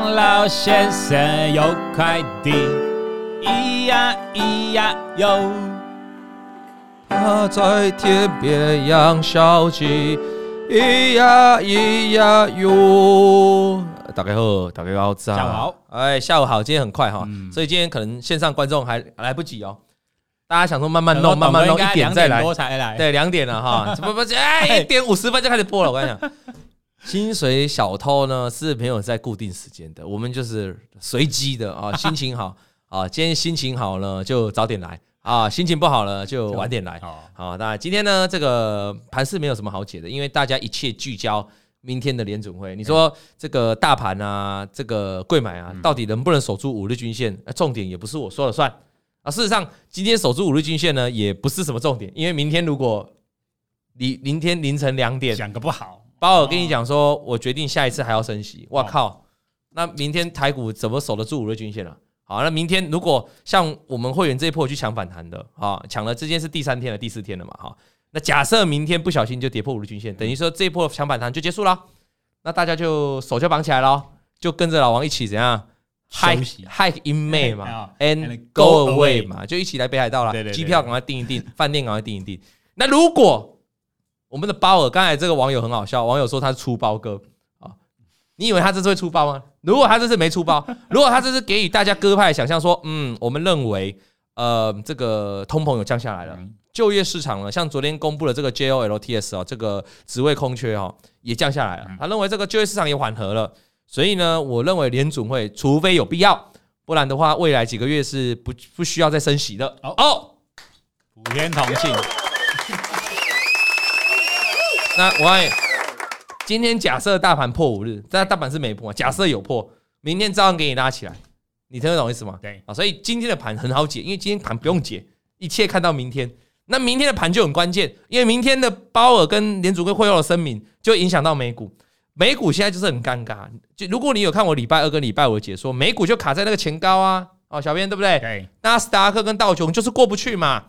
老先生有塊地咿呀咿呀喲。我、啊啊、在天邊養小雞，咿呀咿呀喲。大家好，大家早上好。哎，下午好，今天很快哈、嗯，所以今天可能線上觀眾還來不及哦、嗯。大家想說慢慢弄，慢慢弄，一點再來。兩來對，兩點了哈。什麼？哎，一點五十分就開始播了，我跟你講。 薪水小偷呢是沒有在固定時間的，我們就是隨機的啊。心情好 啊，今天心情好了就早點來啊，心情不好了就晚點來。好、哦啊，那今天呢，這個盤是沒有什麼好解的，因為大家一切聚焦明天的聯準會、嗯。你說這個大盤啊，這個櫃買啊、嗯，到底能不能守住五日均線、呃？重點也不是我說了算啊。事實上，今天守住五日均線呢，也不是什麼重點，因為明天如果你明天凌晨兩點講個不好。鮑爾我跟你講說，我決定下一次還要升息。我靠，那明天台股怎麼守得住五日均線了、啊？好，那明天如果像我們會員這一波去搶反彈的啊，搶了，今天是第三天了，第四天了嘛，哈。那假設明天不小心就跌破五日均線，等於說，這一波搶反彈就結束了，那大家就手腳綁起來嘍，就跟着老王一起怎樣？Hike, hike in May 嘛、yeah，and go away 嘛，就一起來北海道了。機票趕快訂一訂，飯店趕快訂一訂。 那如果我們的鮑爾，剛才這個網友很好笑，網友說他是出包哥啊、哦，你以為他這次會出包嗎？如果他這次沒出包， 如果他這次給予大家鴿派的想象，說嗯，我們認為呃這個通膨有降下來了，嗯、就業市場呢，像昨天公布的這個 J O L T S 啊、哦，這個職位空缺啊、哦、也降下來了、嗯，他認為這個就業市場也緩和了，所以呢，我認為聯準會除非有必要，不然的話，未來幾個月是不不需要再升息的。哦，哦普天同慶。嗯那我今天假設大盤破五日，但大盤是沒破。假設有破，明天照樣給你拉起來。你聽得懂我意思嗎？對啊，所以今天的盤很好解，因為今天盤不用解，一切看到明天。那明天的盤就很關鍵，因為明天的鮑爾跟聯準會會後的聲明就影響到美股。美股現在就是很尷尬，就如果你有看我禮拜二跟禮拜五的解說，美股就卡在那個前高啊。哦，小編對不對？對。那斯達克跟道瓊就是過不去嘛，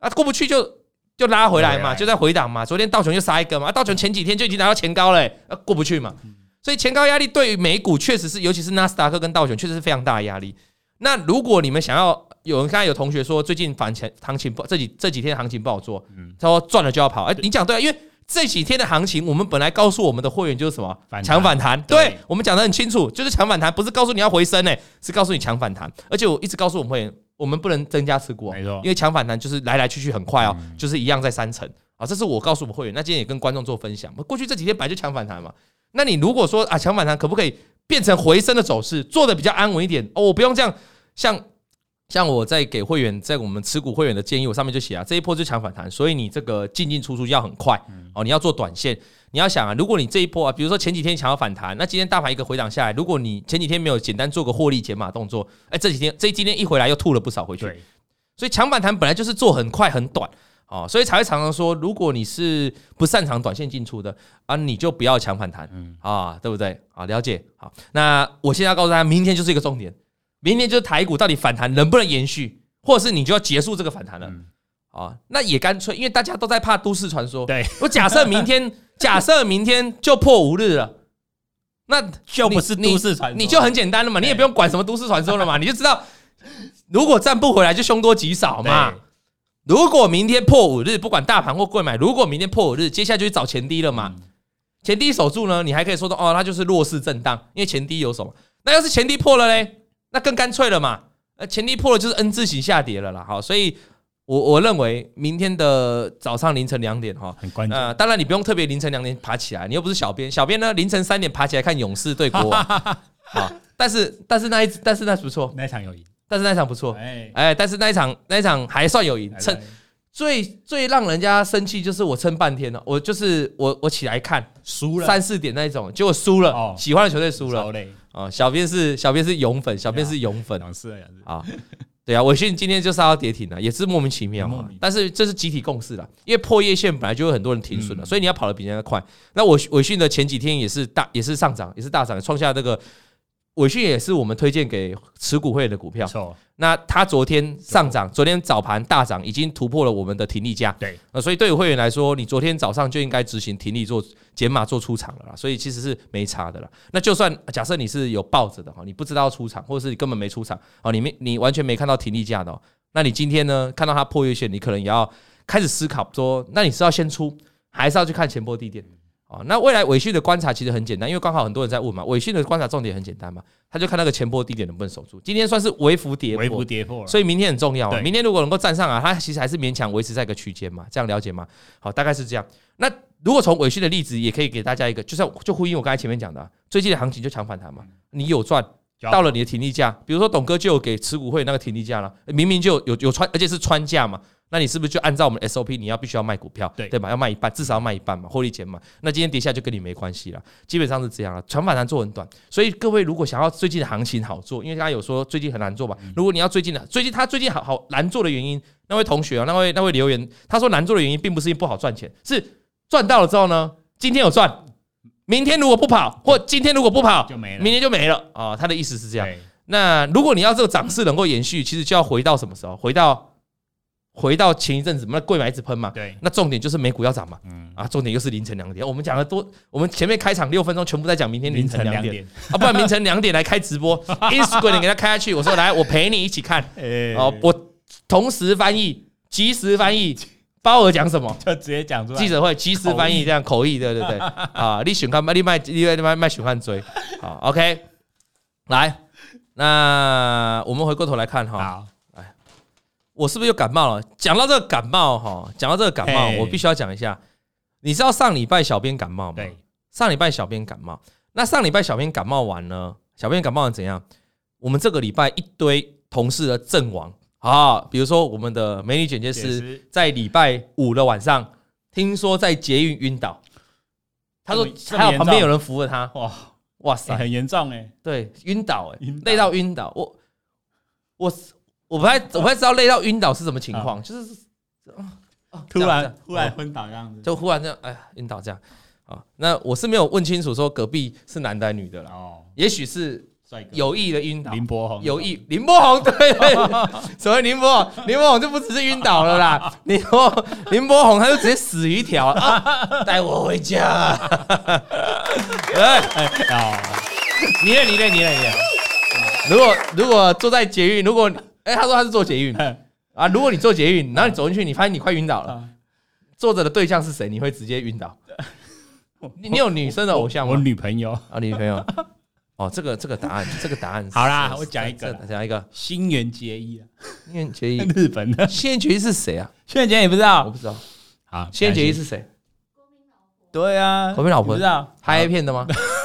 啊，過不去就。就拉回來嘛，就在回檔嘛。昨天道瓊就殺一個嘛、啊，道瓊前幾天就已經拿到前高了、欸，啊、過不去嘛。所以前高壓力對於美股確實是，尤其是納斯達克跟道瓊，確實是非常大的壓力。那如果你們想要有人剛才有同學說，最近反錢行情不，這幾這幾天行情不好做，他說賺了就要跑。哎，你講對、啊，因為這幾天的行情，我們本來告訴我們的會員就是什麼強反彈，對我們講得很清楚，就是強反彈，不是告訴你要回升呢、欸，是告訴你強反彈。而且我一直告訴我們會員。我們不能增加持股，沒錯，因為強反彈就是來來去去很快哦、嗯，就是一樣在三層。好，這是我告訴我們會員，那今天也跟觀眾做分享。過去這幾天本來就強反彈嘛，那你如果說啊，強反彈可不可以變成回升的走勢，做的比較安穩一點哦？我不用這樣像。像我在給會員，在我們持股會員的建議，我上面就寫啊，這一波就強反彈，所以你這個進進出出要很快哦，你要做短線，你要想啊，如果你這一波啊，比如說前幾天搶反彈，那今天大盤一個回檔下來，如果你前幾天沒有簡單做個獲利減碼動作，哎，這幾天這今天一回來又吐了不少回去，對，所以搶反彈本來就是做很快很短啊、哦，所以才會常常說，如果你是不擅長短線進出的啊，你就不要搶反彈，嗯啊，對不對？啊，了解，好，那我現在要告訴大家，明天就是一個重點。明天就是台股到底反彈能不能延續，或是你就要結束這個反彈了？啊、嗯，那也乾脆，因為大家都在怕都市傳說。對，我假設明天， 假設明天就破五日了，那就不是都市傳說，你就很簡單了嘛，你也不用管什麼都市傳說了嘛，你就知道，如果站不回來就凶多吉少嘛。如果明天破五日，不管大盤或櫃買，如果明天破五日，接下來就去找前低了嘛。嗯、前低守住呢，你還可以說到哦，它就是弱勢震盪，因為前低有守。那要是前低破了嘞？那更乾脆了嘛。前低破了就是 N 字型下跌了啦。好，所以我我認為明天的早上凌晨兩點哈，很關鍵、呃。當然你不用特別凌晨兩點爬起來，你又不是小編。小編呢，凌晨三點爬起來看勇士對國王。 但是但是那一但是那不錯，那一場有贏，但是那一場不錯。哎哎，但是那一場那一場還算有贏、撐、哎哎。最最讓人家生氣就是我撐半天了，我就是我我起來看輸了三四點那一種，結果輸了、哦，喜歡的球隊輸了。啊，小編是小編是勇粉，小編是勇粉，啊，啊，對啊，偉訊今天就殺到跌停了，也是莫名其妙啊，哦嗯。但是這是集體共識啦，因為破業線本來就有很多人停損了、嗯，所以你要跑得比人家快。那我偉訊的前幾天也是大，也是上漲，也是大漲，創下這、那個。偉訓也是我們推薦給持股會員的股票，沒錯。那它昨天上漲，昨天早盤大漲，已經突破了我們的停利價，對。所以對於會員來說，你昨天早上就應該執行停利做減碼做出場了啦，所以其實是沒差的啦。那就算假設你是有抱着的，你不知道出場，或者是你根本沒出場哦，你沒你完全沒看到停利價的，那你今天呢，看到它破月線，你可能也要開始思考說，那你是要先出，還是要去看前波低點？哦、那未來緯創的觀察其實很簡單，因為剛好很多人在問嘛。緯創的觀察重點很簡單嘛，他就看那個前波低點能不能守住。今天算是微幅跌破，微幅跌破，所以明天很重要。明天如果能夠站上啊，它其實還是勉強維持在一個區間嘛，這樣了解嗎？好，大概是這樣。那如果從緯創的例子，也可以給大家一個，就像就呼應我剛才前面講的、啊，最近的行情就強反彈嘛，你有賺到了你的停利價，比如說董哥就有給持股會那個停利價了，明明就有有，有穿，而且是穿價嘛。那你是不是就按照我們 SOP，你要必須要賣股票，對，對吧？要賣一半，至少要賣一半嘛，獲利減嘛。那今天跌下就跟你沒關係了，基本上是這樣了。搶反彈難做很短，所以各位如果想要最近的行情好做，因為大家有說最近很難做吧？如果你要最近的，最近他最近好好難做的原因，那位同學啊，那位那位留言他說難做的原因並不是因為不好賺錢，是賺到了之後呢，今天有賺，明天如果不跑，或今天如果不跑 就沒了，明天就沒了啊、呃。他的意思是這樣。那如果你要這個漲勢能夠延續，其實就要回到什麼時候？回到。回到前一陣子，那櫃買一直噴嘛，對、嗯，那重點就是美股要漲嘛，嗯，啊，重點又是凌晨兩點，我們講了多，我們前面開場六分鐘全部在講明天凌晨兩點，點啊，不然凌晨兩點來開直播 ，Instagram 給他開下去，我說來，我陪你一起看，好、 哦、我同時翻譯，即時翻譯， 包我講什麼就直接講出來，記者會即時翻譯這樣口譯，對對對， 啊，你選看賣，你賣，另外另外賣循環追， 好，OK，來，那我們回過頭來看哈。我是不是又感冒了？講到，到這個感冒，哈，講到這個感冒，我必須要講一下。你知道上禮拜小編感冒嗎？上禮拜小編感冒。那上禮拜小編感冒完呢？小編感冒完了怎樣？我們這個禮拜一堆同事的陣亡啊！比如說我們的美女剪接師在禮拜五的晚上，聽說在捷運暈倒。他說他旁邊有人扶着他。哇哇塞，欸、很嚴重哎、欸！對，暈倒哎、欸，累到暈倒。我我。我不太，我不太知道累到暈倒是什麼情況、啊，就是、啊啊、突然突然昏倒這樣子，就忽然這樣，哎呀，暈倒這樣。啊，那我是沒有問清楚說隔壁是男的還是女的啦。哦，也許是有意的暈倒。林柏宏有意。林柏宏對，對，對，所、哦、謂林柏林柏宏就不只是暈倒了啦。哦、林柏林柏宏他就直接死魚條，帶、啊啊、我回家。哎、啊、哎，哦、啊欸啊，你累你累你累你累、啊啊。如果如果坐在捷運 如果。 如果哎、欸，他說他是坐捷運啊。如果你坐捷運，然後你走進去，啊、你發現你快暈倒了。坐、啊、著的對象是誰？你會直接暈倒你。你有女生的偶像嗎？我，我女朋友啊，女朋友。 哦，這個這個答案，這個答案是好啦。好，我講一,一個，講一個。新垣結衣新垣結衣，日本的。新垣結衣是誰啊？新垣結衣不知道，我不知道。好，新垣結衣是誰、啊？國民老婆。對啊，國民老婆。不知道？拍、A、片的嗎？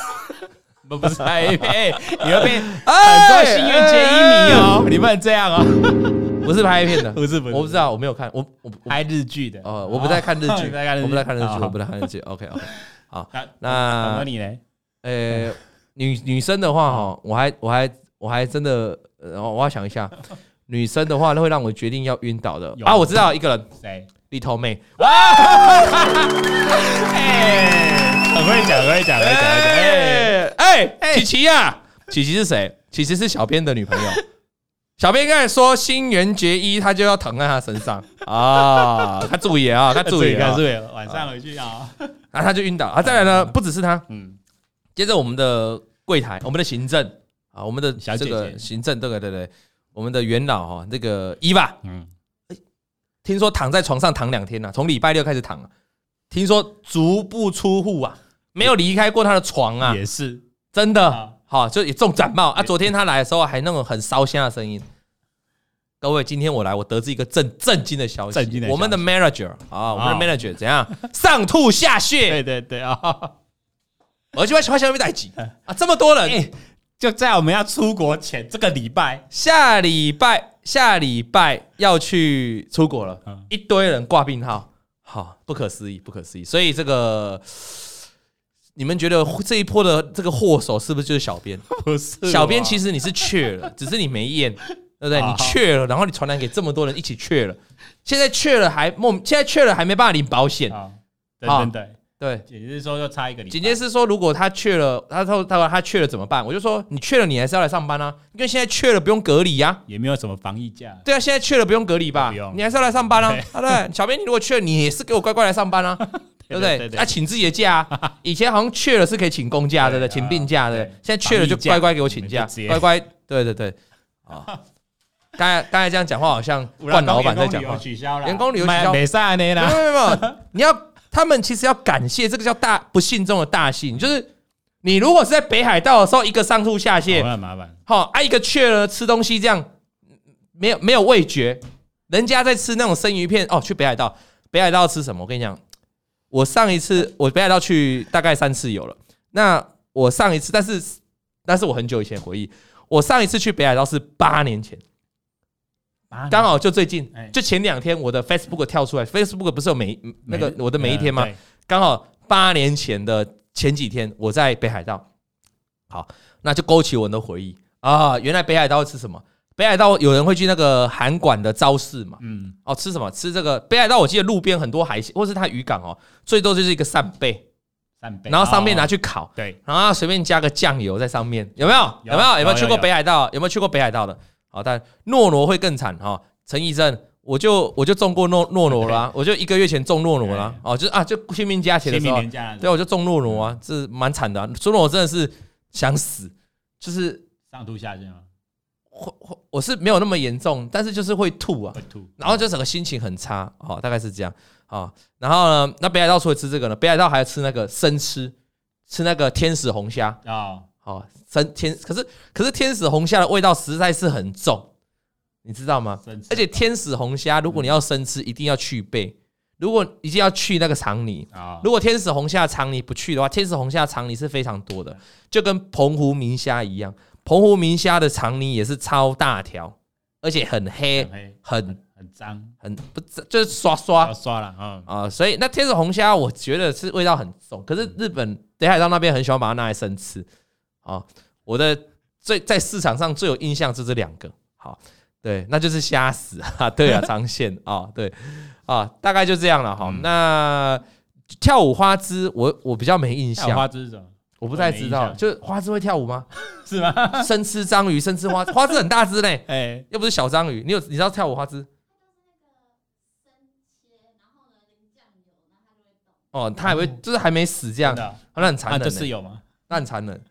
不不是拍片， 欸、你那邊很多心願建議你哦，你不能這樣啊、喔！不是拍片的， 不是不是，我不知道，我沒有看，我我,我拍日劇的、呃、日哦，我不在看日劇，我不在看日劇，我不在看日劇，OK k 好， OK, OK, 好那你呢呃，女女生的話哈，我還我還我還真的，然、呃、後我要想一下， 女生的話都會讓我決定要暈倒的啊！我知道一個人誰。利頭妹，哎、哦，很會 講、欸，很會講，很會、欸、講，很會講！哎哎，琪琪呀，琪、欸、琪、啊、是誰？琪琪是小編的女朋友。 小編剛才說新垣結衣，他就要躺在她身上啊、 哦！他注意啊，他注意，他注意、啊、晚上回去啊，啊，然後他就暈倒、嗯、啊。再來呢，不只是他，嗯，接着我們的櫃台、嗯，我們的行政、嗯、啊，我們的這個行政，對對對對，我們的元老哈，那、這個一吧，嗯。聽說躺在床上躺兩天了，啊，從禮拜六開始躺，啊。聽說足不出戶啊，沒有離開過他的床啊，也是真的。好，啊，就也中感冒啊。昨天他來的時候還那種很燒香的聲音。各位，今天我來，我得知一個震震驚的消息。正經的消息，我們的 manager 啊，哦，我們的 manager 怎樣？哦、 上吐下瀉。對對對啊！我就發現外面太擠了啊，這麼多人，欸、就在我們要出國前這個禮拜，下禮拜。下禮拜要去出國了，嗯、一堆人掛病號，好不可思議，不可思議。所以這個你們覺得這一波的這個禍首是不是就是小編？不是、啊，小編其實你是確了， 只是你沒驗，對不對？啊、你確了，然後你傳染給這麼多人一起確了，現在確了還莫，現在確了還沒辦法領保險啊！對對對。對，僅僅是說要差一個。僅僅是說，如果他去了，他他說他去了怎麼辦？我就說你去了，你還是要來上班啊！因為現在去了不用隔離啊，也沒有什麼防疫假。對啊，現在去了不用隔離吧？你還是要來上班啊？對不、啊、對？小編你如果去了，你是給我乖乖來上班啊？ 對不對？他、啊、請自己的假、啊。 以前好像去了是可以請公假不對，對，對，對，請病假對，對，對，現在去了就乖乖給我請假，假乖，乖，乖乖。對對對。啊， 剛才剛才這樣講話，話，好像慣老闆在講話。員工旅遊取消了，員工旅遊沒沒撒那了。沒有你要。他們其實要感謝這個叫大不幸中的大幸，就是你如果是在北海道的時候，一個上吐下瀉，麻煩麻煩，好，哦啊、一個雀了吃東西這樣，沒有沒有味覺，人家在吃那種生魚片哦。去北海道，北海道吃什麼？我跟你講，我上一次我北海道去大概三次有了。那我上一次，但是但是我很久以前回憶，我上一次去北海道是八年前。剛好就最近，欸、就前兩天我的 Facebook 跳出來、嗯、，Facebook 不是有每那個我的每一天嗎？剛、嗯、好，八年前的前幾天，我在北海道。好，那就勾起我的回憶啊！原來北海道會吃什麼？北海道有人會去那個函館的朝市嘛？嗯，哦，吃什麼？吃這個北海道，我記得路邊很多海鮮，或是它漁港哦，最多就是一個扇貝，扇貝，然後上面拿去烤，哦、對，然後隨便加個醬油在上面，有沒有，有，有？有沒有？有沒有去過北海道？有，有，有，有，有沒有去過北海道的？好、哦，但諾諾會更慘哈。陳醫生，我就我就中過諾諾諾啦，對對對對，我就一個月前中諾諾啦。對對對對哦，就啊，就清明節前的時候、啊，對，我就中諾諾啊，這蠻慘的、啊。所以，我真的是想死，就是上吐下瀉啊。我我是沒有那麼嚴重，但是就是會吐啊，吐然後就整個心情很差哦，大概是這樣啊、哦。然後呢，那北海道除了吃這個呢，北海道還要吃那個生吃，吃那個天使紅蝦啊。哦哦，生天，可是可是天使紅蝦的味道實在是很重，你知道嗎？而且天使紅蝦如果你要生吃，嗯，一定要去背，如果一定要去那個腸泥，哦、如果天使紅蝦腸泥不去的話，天使紅蝦腸泥是非常多的，嗯，就跟澎湖明蝦一樣，澎湖明蝦的腸泥也是超大條，而且很黑很黑很髒很，很，很不就是刷刷刷了啊啊！所以那天使紅蝦我覺得是味道很重，可是日本北海道那邊很喜歡把它拿來生吃。啊、哦，我的最在市場上最有印象就是這兩個，好，對，那就是蝦死哈、啊，對啊，張線啊、 哦，對，啊、哦，大概就這樣了哈、嗯。那跳舞花枝我，我我比較沒印象，跳舞花枝是什麼？我不太我知道，就花枝會跳舞嗎？是嗎？生吃章魚，生吃花 花枝很大隻嘞，哎、 欸，又不是小章魚，你有你知道跳舞花枝？嗯、哦，它還會、啊、就是還沒死這樣的、啊哦，那很殘忍、啊，就是有嗎？那很殘忍。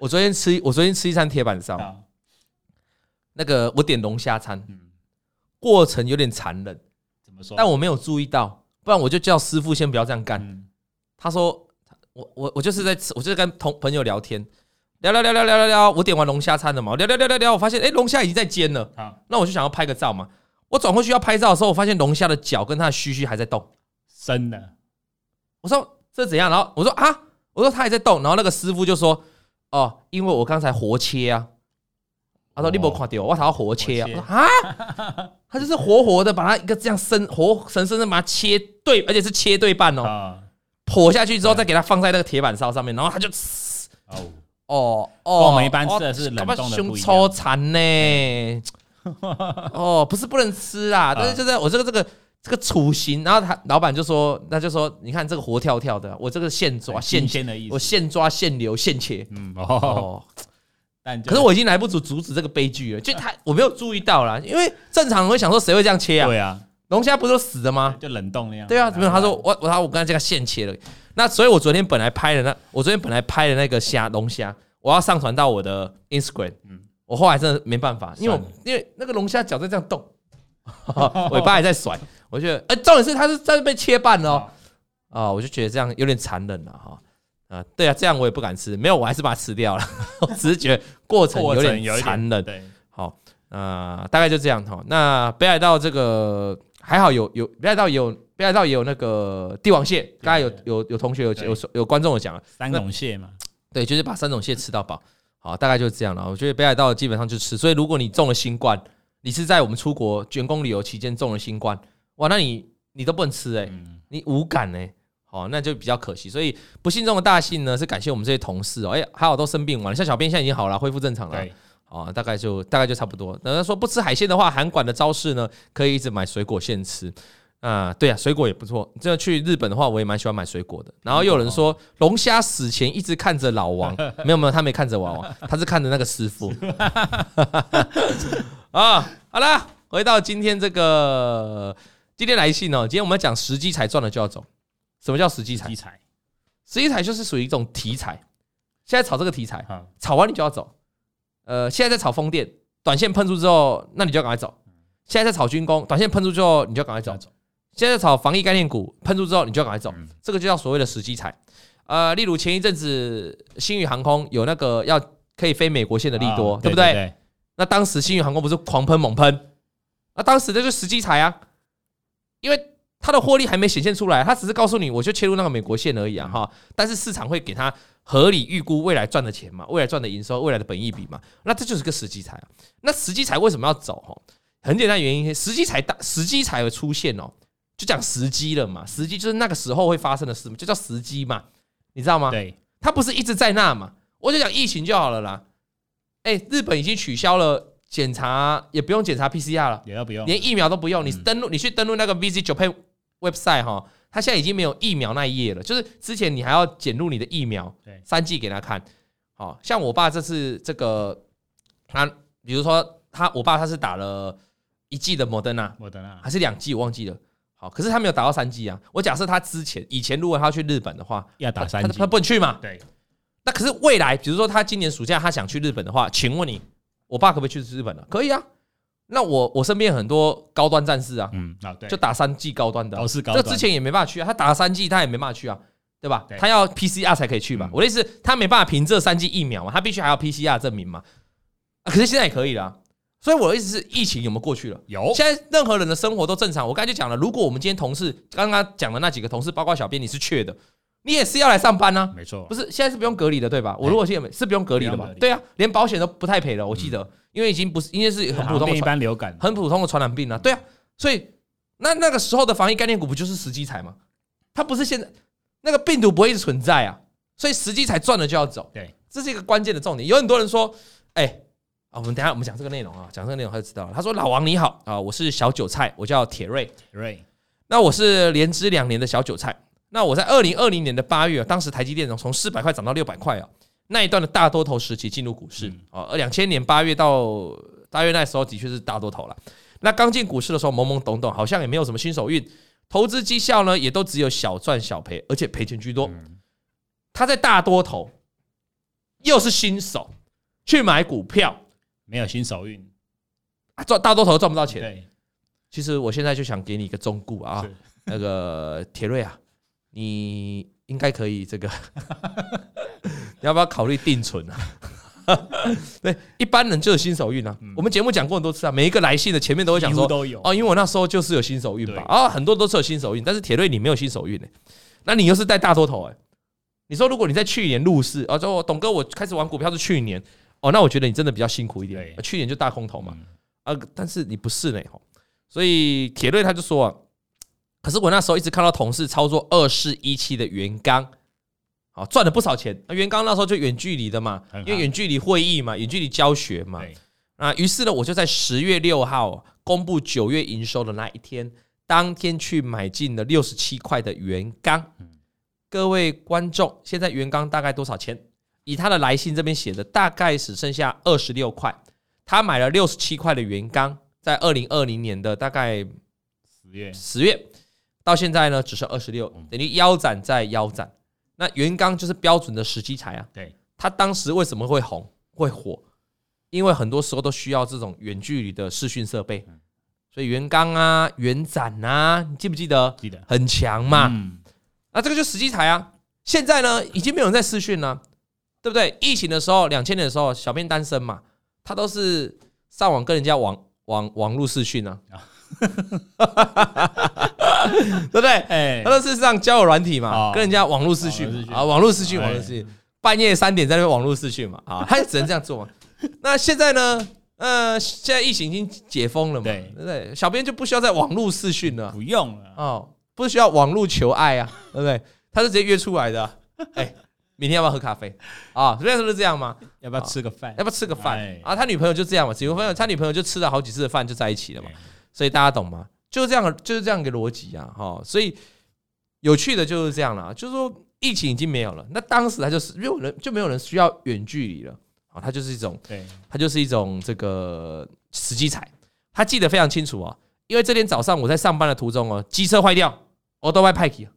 我昨天吃，我昨天吃一餐鐵板燒，那個我點龍蝦餐、嗯，過程有點殘忍，但我沒有注意到，不然我就叫師傅先不要這樣幹、嗯。他說，我我我就是在吃，我就是跟同朋友聊天，聊聊聊聊聊聊聊，我點完龍蝦餐了嘛，聊聊聊聊聊，我發現哎，龍蝦已經在煎了，那我就想要拍個照嘛。我轉過去要拍照的時候，我發現龍蝦的腳跟它的須須還在動，生的。我說這怎樣？然後我說啊，我說它還在動，然後那個師傅就說。哦，因為我剛才活切啊，他、哦、說、啊、你沒看到我，我想要活切啊活切。啊，他就是活活的把它一個這樣生活生生的把它切對，而且是切對半哦。啊、剖下去之後再給它放在那個鐵板燒上面，然後他就。哦哦哦，哦我們一般吃的是冷凍的不一樣，胸超殘呢，嗯、 哦，不是不能吃啦、啊啊，但是就是我這個這個。這個雛形，然後他老板就說：“那就說，你看這個活跳跳的，我這個現抓現切的意思，我現抓現流現切。嗯”嗯哦，哦，但可是我已經來不及阻止這個悲劇了，就他 我沒有注意到啦，因為正常人會想說誰會這樣切啊？對啊，龍蝦不是都死的嗎？就冷凍的呀？對啊，怎麼樣？他說我我我剛才這個現切了， 那所以我昨天本來拍的那我昨天本來拍的那個蝦龍蝦，我要上傳到我的 Instagram，嗯，我後來真的沒辦法，因為因為那個龍蝦腳在這樣動， 尾巴還在甩。 我覺得，哎、欸，重點是它是在這被切半哦，啊、哦哦，我就覺得這樣有點殘忍了哈，啊、呃，對啊，這樣我也不敢吃，沒有，我還是把它吃掉了， 我只是覺得過程有點殘忍。好，啊、哦呃，大概就這樣哈、哦。那北海道這個還好有有北海道有北海道也有那個帝王蟹，剛才有有有同學有有有觀眾有講了三種蟹嘛，對，就是把三種蟹吃到飽。 好，大概就是這樣了。我覺得北海道基本上就吃，所以如果你中了新冠，你是在我們出國員工旅遊期間中了新冠。哇，那你你都不能吃，欸嗯、你無感哎、欸，哦，那就比較可惜。所以不幸中的大幸呢，是感謝我們這些同事哦。哎、欸，還好都生病完了，像小編現在已經好了，恢復正常了。哦、大概就大概就差不多。有人說不吃海鮮的話，韓館的招式呢，可以一直買水果現吃。啊、呃，對啊，水果也不錯。這去日本的話，我也蠻喜歡買水果的。然後又有人說，龍蝦死前一直看着老王， 沒有沒有，他沒看着老王，他是看着那個師傅。 啊，好啦，回到今天這個。今天來信呢？今天我們要講時機財賺了就要走。什麼叫時機財？時機財就是屬於一種題材。現在炒這個題材，炒完你就要走。呃，現在在炒風電，短線噴出之後，那你就趕快走。現在在炒軍工，短線噴出之後，你就趕快走。現在在炒防疫概念股，噴出之後，你就趕快走。這個就叫所謂的時機財。呃，例如前一陣子星宇航空有那個要可以飛美國線的利多、oh，對不對？對對對對，那當時星宇航空不是狂噴猛噴？那當時那就是時機財啊。因為它的獲利還沒顯現出來，它只是告訴你，我就切入那個美國線而已啊哈！但是市場會給他合理預估未來賺的錢嘛，未來賺的營收，未來的本益比嘛，那這就是個時機財啊。那時機財為什麼要走哈？很簡單原因，時機財大，時機財會出現哦。就講時機了嘛，時機就是那個時候會發生的事，就叫時機嘛，你知道嗎？對，它不是一直在那嘛，我就講疫情就好了啦。哎，日本已經取消了。檢查也不用檢查 P C R 了，也不用，不用連疫苗都不用。嗯、你登錄，你去登錄那個 V Z Japan website 哈，他現在已經沒有疫苗那一頁了。就是之前你還要檢錄你的疫苗，對三 g 給他看。好像我爸這次這個，他、啊、比如說他，我爸他是打了一劑的莫德納，莫德納還是兩劑我忘記了。好，可是他沒有打到三 g 啊。我假設他之前以前如果他要去日本的話，要打三，他不能去嘛？對。那可是未來，比如說他今年暑假他想去日本的話，請問你？我爸可不可以去日本呢、啊？可以啊，那我我身邊很多高端戰士啊，嗯啊就打三劑高端的、啊是高端，這個、之前也沒辦法去啊，他打三劑他也沒辦法去啊，對吧？對他要 PCR 才可以去吧、嗯？我的意思他沒辦法憑這三劑疫苗嘛，他必須還要 PCR 證明嘛、啊，可是現在也可以了、啊，所以我的意思是疫情有沒有過去了？有，現在任何人的生活都正常。我剛才就講了，如果我們今天同事剛剛講的那幾個同事，包括小編，你是去的。你也是要來上班呢、啊？沒錯，不是現在是不用隔離的，對吧？欸、我如果現在是是不用隔離的嘛。對啊，連保險都不太賠了，我記得，嗯、因為已經不是，因為是很普通的、一般流感、很普通的傳染病了、啊。對啊，所以那那個時候的防疫概念股不就是時機財嗎？它不是現在那個病毒不會一直存在啊，所以時機財賺了就要走。對，這是一個關鍵的重點。有很多人說：“哎、欸，啊，我們等一下我們講這個內容啊，講這個內容他就知道了。”他說：“老王你好啊，我是小韭菜，我叫鐵瑞，瑞。那我是連虧兩年的小韭菜。”那我在二零二零年的八月啊，當時台積電從從四百塊漲到六百塊啊，那一段的大多頭時期進入股市啊，兩千年八月到八月那時候的確是大多頭了。那剛進股市的時候懵懵懂懂，好像也沒有什麼新手運，投資績效呢也都只有小賺小賠，而且賠錢居多。他在大多頭，又是新手去買股票，沒有新手運啊，賺大多頭賺不到錢。其實我現在就想給你一個忠告啊，那個鐵瑞啊。你應該可以這個， 你要不要考慮定存啊？對，一般人就有新手運啊。我們節目講過很多次啊，每一個來信的前面都會講說，哦，因為我那時候就是有新手運吧。啊，很多都是有新手運，但是鐵瑞你沒有新手運、欸、那你又是帶大多頭、欸、你說如果你在去年入市啊，說董哥我開始玩股票是去年哦，那我覺得你真的比較辛苦一點、啊，去年就大空頭嘛。啊，但是你不是嘞、欸、所以鐵瑞他就說啊。可是我那時候一直看到同事操作二四一七的圓剛，啊，賺了不少錢。圓剛那時候就遠距離的嘛，因為遠距離會議嘛，遠距離教學嘛。那於、啊、是呢，我就在十月六號公布九月營收的那一天，當天去買進了六十七塊的圓剛、嗯。各位觀眾，現在圓剛大概多少錢？以他的來信這邊寫的，大概只剩下二十六塊。他買了六十七塊的圓剛，在二零二零年的大概十月十月。到現在呢，只剩二十六，等於腰斬再腰斬。那圓剛就是標準的時機財啊。對，他當時為什麼會紅會火？因為很多時候都需要這種遠距離的視訊設備、嗯，所以圓剛啊、圓展啊，你記不記得？記得很強嘛、嗯。那這個就是時機財啊。現在呢，已經沒有人在視訊了，對不對？疫情的時候，兩千年的時候，小編單身嘛，他都是上網跟人家網網網絡視訊啊。 對不對、欸？他說事實上交友軟體嘛，跟人家網絡視訊啊，網絡視訊，網絡視訊、欸欸，半夜三點在那邊網絡視訊嘛啊、嗯，他就只能這樣做嘛。 那現在呢？嗯、呃，現在疫情已經解封了嘛，對不對？小編就不需要再網絡視訊了，不用了哦，不需要網絡求愛啊，對不對、啊啊 啊？他是直接約出來的、啊。哎、 欸，明天要不要喝咖啡啊？昨天是不是這樣嗎？要不要吃個飯？要不要吃個飯？啊，他女朋友就這樣嘛，只不過他女朋友就吃了好幾次的飯就在一起了嘛，所以大家懂嗎？就是這樣，就是這樣一個邏輯啊哈，所以有趣的就是這樣了，就是說疫情已經沒有了，那當時他就是沒有人就沒有人需要遠距離了啊，它就是一種，對，它就是一種這個時機財，他記得非常清楚啊，因為這天早上我在上班的途中哦，機車壞掉，我都快派去，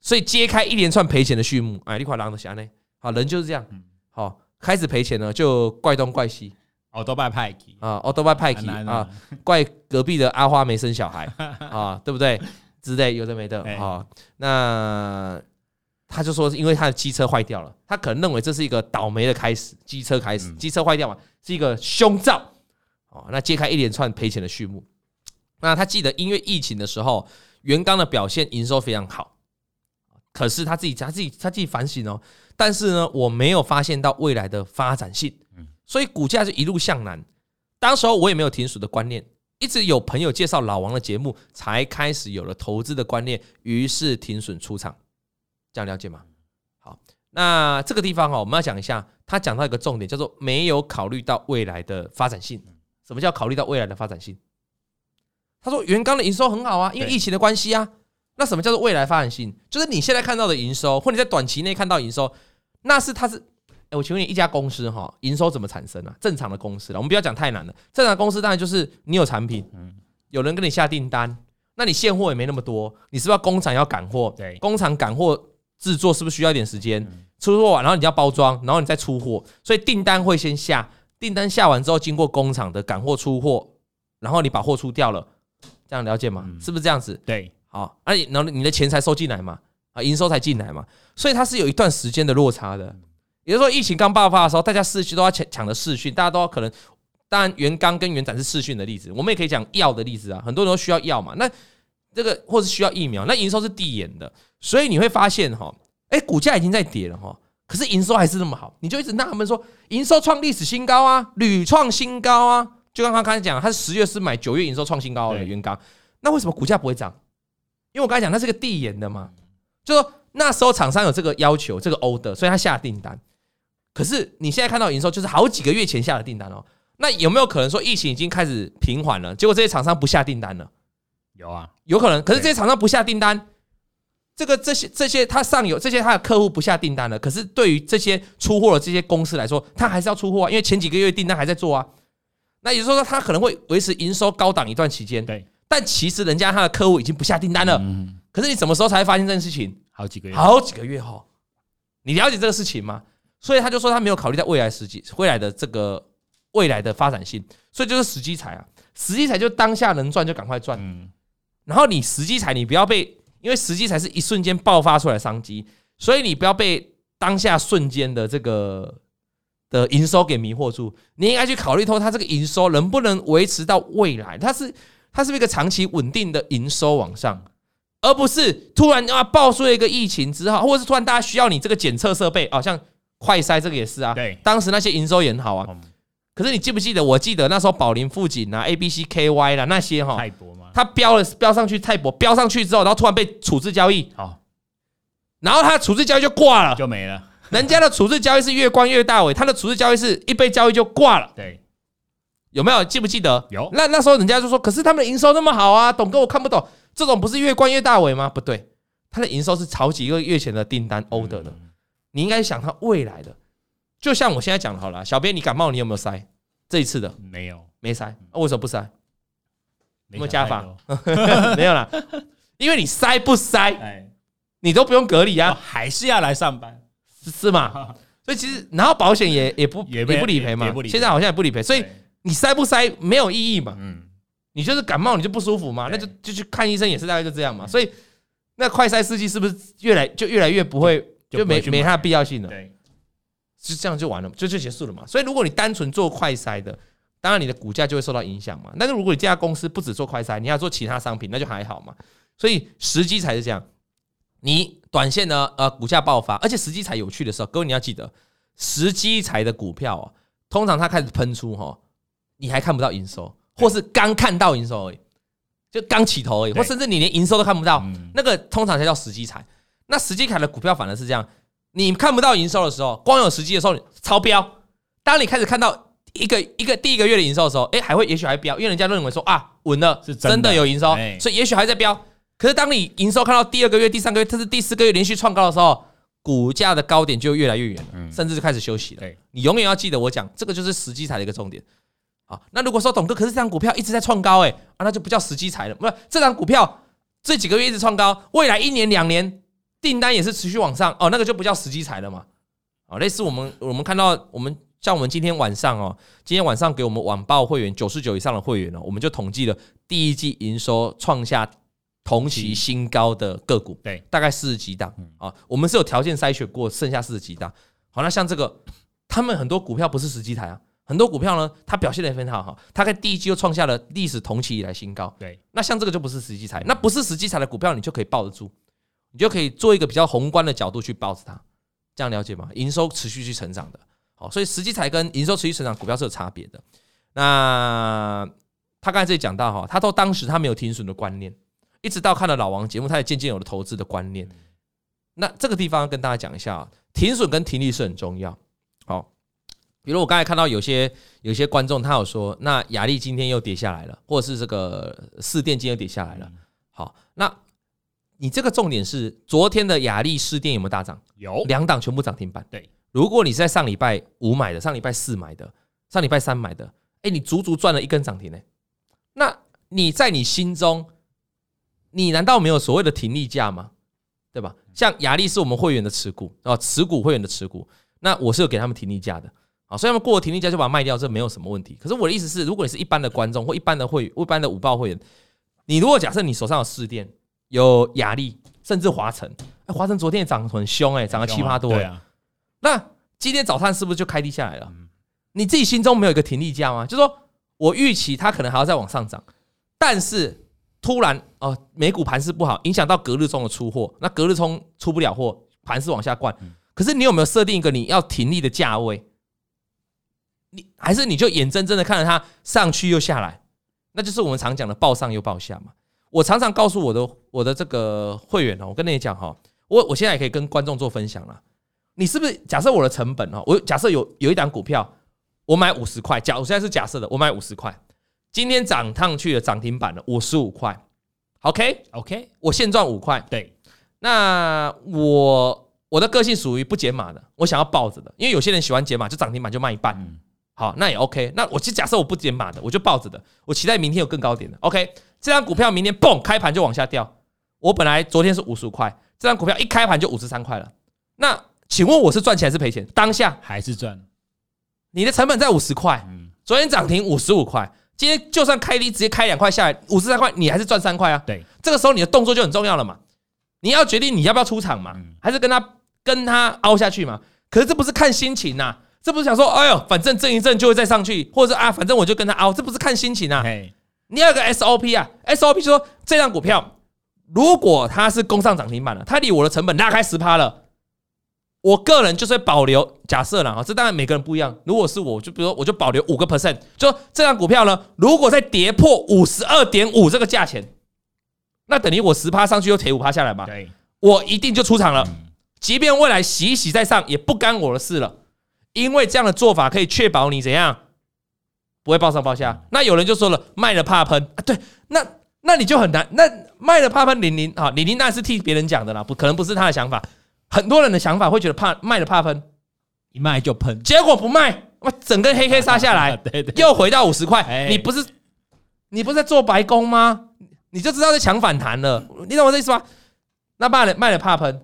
所以揭開一連串賠錢的序幕，哎，說好的新手運呢？好人就是這樣，好開始賠錢呢，就怪東怪西。哦，都拜派基啊！哦，都拜派啊！怪隔壁的阿花沒生小孩哈哈哈哈啊，對不對？之類有的沒的、哎啊、那他就說，因為他的機車壞掉了，他可能認為這是一個倒霉的開始。機車開始，嗯、機車壞掉嘛，是一個凶兆啊。那揭開一連串賠錢的序幕。嗯、那他記得，因為疫情的時候，袁剛的表現營收非常好，可是他自，他自己，他自己，他自己反省哦。但是呢，我沒有發現到未來的發展性。嗯所以股價是一路向南，當時候我也沒有停損的觀念，一直有朋友介紹老王的節目，才開始有了投資的觀念，於是停損出場，這樣了解嗎？好，那這個地方哈，我們要講一下，他講到一個重點，叫做沒有考慮到未來的發展性。什麼叫考慮到未來的發展性？他說原剛的營收很好啊，因為疫情的關係啊。那什麼叫做未來發展性？就是你現在看到的營收，或者你在短期內看到營收，那是它是。欸、我請問你，一家公司哈，營收怎麼產生啊？正常的公司了，我們不要講太難了。正常的公司當然就是你有產品，嗯，有人跟你下訂單，那你現貨也沒那麼多，你是不是工廠，要工廠要趕貨？對，工廠趕貨製作是不是需要一點時間？出貨完，然後你要包裝，然後你再出貨，所以訂單會先下，訂單下完之後，經過工廠的趕貨出貨，然後你把貨出掉了，這樣了解嗎？嗯？是不是這樣子？對，好，哎、啊，然後你的錢才收進來嘛，啊，營收才進來嘛，所以它是有一段時間的落差的。嗯比如說疫情剛爆發的時候，大家視訊都要搶搶的視訊，大家都要可能，當然圓剛跟圓展是視訊的例子，我們也可以講藥的例子啊，很多人都需要藥嘛，那這個或是需要疫苗，那營收是遞延的，所以你會發現哈、哦，誒股價已經在跌了哈、哦，可是營收還是那麼好，你就一直納悶說，營收創歷史新高啊，屢創新高啊，就剛剛剛開始講，他是十月是買九月營收創新高的圓剛，那為什麼股價不會漲？因為我剛才講，它是個遞延的嘛，就說那時候廠商有這個要求，這個 order，所以他下訂單。可是你現在看到營收，就是好幾個月前下的訂單哦。那有沒有可能說疫情已經開始平緩了，結果這些廠商不下訂單了？有啊，有可能。可是這些廠商不下訂單，這個這些這些他上游這些他的客戶不下訂單了。可是對於這些出貨的這些公司來說，他還是要出貨啊，因為前幾個月訂單還在做啊。那也就是說，他可能會維持營收高檔一段期間。對，但其實人家他的客戶已經不下訂單了。可是你什麼時候才會發現這件事情？好幾個月，好幾個月哦。你了解這個事情嗎？所以他就說他沒有考慮到未來時機、未來的這個、未來的發展性，所以就是時機財啊。時機財就當下能賺就趕快賺。然後你時機財，你不要被，因為時機財是一瞬間爆發出來商機，所以你不要被當下瞬間的這個的營收給迷惑住。你應該去考慮透它這個營收能不能維持到未來，它是它是不是一個長期穩定的營收往上，而不是突然啊爆出了一個疫情之後，或者是突然大家需要你這個檢測設備啊。像。壞塞這個也是啊，對，當時那些營收也很好啊，嗯，可是你記不記得？我記得那時候寶林、富錦啊、A、B、C、K、Y 啦，那些哈，泰博嘛，他標了標上去，泰博標上去之後，然後突然被處置交易，然後他處置交易就掛了，就沒了。人家的處置交易是越關越大尾，他的處置交易是一被交易就掛了。對，有沒有記不記得？有。那那時候人家就說，可是他們的營收那麼好啊，董哥我看不懂，這種不是越關越大尾嗎？不對，他的營收是炒幾個月前的訂單 order 的。嗯你應該想他未來的，就像我現在講好了，小編，你感冒你有沒有塞？這一次的沒有，沒塞。那、啊、為什麼不塞？沒有加法，沒有啦，因為你塞不塞，你都不用隔離啊，還是要來上班是嗎？所以其實然後保險也也不也不理賠嘛，現在好像也不理賠，所以你塞不塞沒有意義嘛，你就是感冒你就不舒服嘛，那就就去看醫生也是大概就這樣嘛，所以那快塞試劑是不是越來就越來越不會？就沒就沒它的必要性了，對，是這樣就完了，就就結束了嘛。所以如果你單純做快篩的，當然你的股價就會受到影響嘛。但是如果你這家公司不止做快篩，你要做其他商品，那就還好嘛。所以時機財是這樣，你短線呢，呃，股價爆發，而且時機財有趣的時候。各位你要記得，時機財的股票哦，通常它開始噴出哈、哦，你還看不到營收，或是剛看到營收而已，就剛起頭而已，或甚至你連營收都看不到，那個通常才叫時機財。.那時機卡的股票反而是這樣，你看不到營收的時候，光有時機的時候超標。當你開始看到一個一個第一個月的營收的時候，哎，還會也許還標，因為人家認為說啊穩了，是真的，真的有營收，所以也許還在標。可是當你營收看到第二個月、第三個月，這是第四個月連續創高的時候，股價的高點就越來越遠了，甚至就開始休息了。你永遠要記得我講這個就是時機卡的一個重點。好，那如果說董哥，可是這張股票一直在創高、欸，哎啊，那就不叫時機踩了。不是這張股票這幾個月一直創高，未來一年兩年。訂單也是持續往上哦，那個就不叫時機財了嘛。啊，類似我們我們看到我們像我們今天晚上哦，今天晚上給我們晚報會員九十九以上的會員呢、哦，我們就統計了第一季營收創下同期新高的個股，對，大概四十幾檔啊。我們是有條件篩選過剩下四十幾檔。好，那像這個，他們很多股票不是時機財啊，很多股票呢，它表現得也非常好，哈，它在第一季又創下了歷史同期以來新高。對，那像這個就不是時機財，那不是時機財的股票，你就可以抱得住。你就可以做一個比較宏觀的角度去抱着它，這樣了解嗎？營收持續去成長的，好，所以時機財跟營收持續成長股票是有差別的。那他剛才這裡講到哈，他到當時他沒有停損的觀念，一直到看了老王節目，他也漸漸有了投資的觀念。那這個地方要跟大家講一下，停損跟停利是很重要。好，比如我剛才看到有些有些觀眾他有說，那雅麗今天又跌下來了，或者是這個四電今天又跌下來了，好，那。你這個重點是昨天的亞力、士電有沒有大漲？有兩檔全部漲停板。對，如果你是在上禮拜五買的，上禮拜四買的，上禮拜三買的，哎、欸，你足足賺了一根漲停哎、欸。那你在你心中，你難道沒有所謂的停利價嗎？對吧？嗯、像亞力、士電，我們會員的持股啊，持股會員的持股，那我是有給他們停利價的啊，所以他們過了停利價就把它賣掉，這沒有什麼問題。可是我的意思是，如果你是一般的觀眾或一般的會員、一般的五報會員，你如果假設你手上有士電。有亞力，甚至華城，華、啊、城昨天也漲很凶、欸，哎、啊，漲了七八多、啊，那今天早盤是不是就開低下來了、嗯？你自己心中沒有一個停利價嗎？就是說我預期它可能還要再往上漲，但是突然哦、呃，美股盤勢不好，影響到隔日沖的出貨，那隔日沖出不了貨，盤勢往下摜、嗯。可是你有沒有設定一個你要停利的價位？你還是你就眼睜睜的看着它上去又下來，那就是我們常講的爆上又爆下嘛。我常常告訴我的我的這個會員哦，我跟你講哈、哦，我我現在也可以跟觀眾做分享了、啊。你是不是假設我的成本哈、哦？我假設有有一檔股票，我買五十塊，假我現在是假設的，我買五十塊，今天漲上去了漲停板了，五十五塊。OK OK，我現賺五塊。對，那我我的個性屬於不減碼的，我想要抱着的，因為有些人喜歡減碼，就漲停板就賣一半。嗯好，那也 OK。那我其實假設我不減碼的，我就抱着的，我期待明天有更高點的。OK，這張股票明天蹦開盤就往下掉，我本來昨天是五十五塊，這張股票一開盤就五十三塊了。那請問我是賺錢還是賠錢？當下還是賺。你的成本在五十塊，昨天漲停五十五塊，今天就算開低直接開兩塊下來，五十三塊你還是賺三塊啊。對，這個時候你的動作就很重要了嘛，你要決定你要不要出場嘛，嗯、還是跟他跟他凹下去嘛？可是這不是看心情吶、啊。這不是想說，哎呦，反正震一震就會再上去，或者是啊，反正我就跟他凹，這不是看心情啊。你要有個 SOP 啊，SOP 就說，這張股票如果它是攻上漲停板了，它離我的成本拉開十趴了，我個人就是會保留。假設啦，啊，這當然每個人不一樣。如果是我，我就比如說我就保留五個 percent，就這張股票呢，如果再跌破五十二點五這個價錢，那等於我十趴上去又跌五趴下來嘛，我一定就出場了。即便未來洗一洗再上，也不干我的事了。因為這樣的做法可以確保你怎樣，不會暴上暴下。那有人就說了，賣了怕噴、啊，對，那那你就很難。那賣了怕噴，李寧啊，李寧那是替別人講的啦，不可能不是他的想法。很多人的想法會覺得怕賣了怕噴，一賣就噴，結果不賣，整個黑黑殺下來、啊對對對，又回到五十塊、哎。你不是你不是在做白工嗎？你就知道在搶反彈了。你懂我的意思嗎？那賣了賣了怕噴，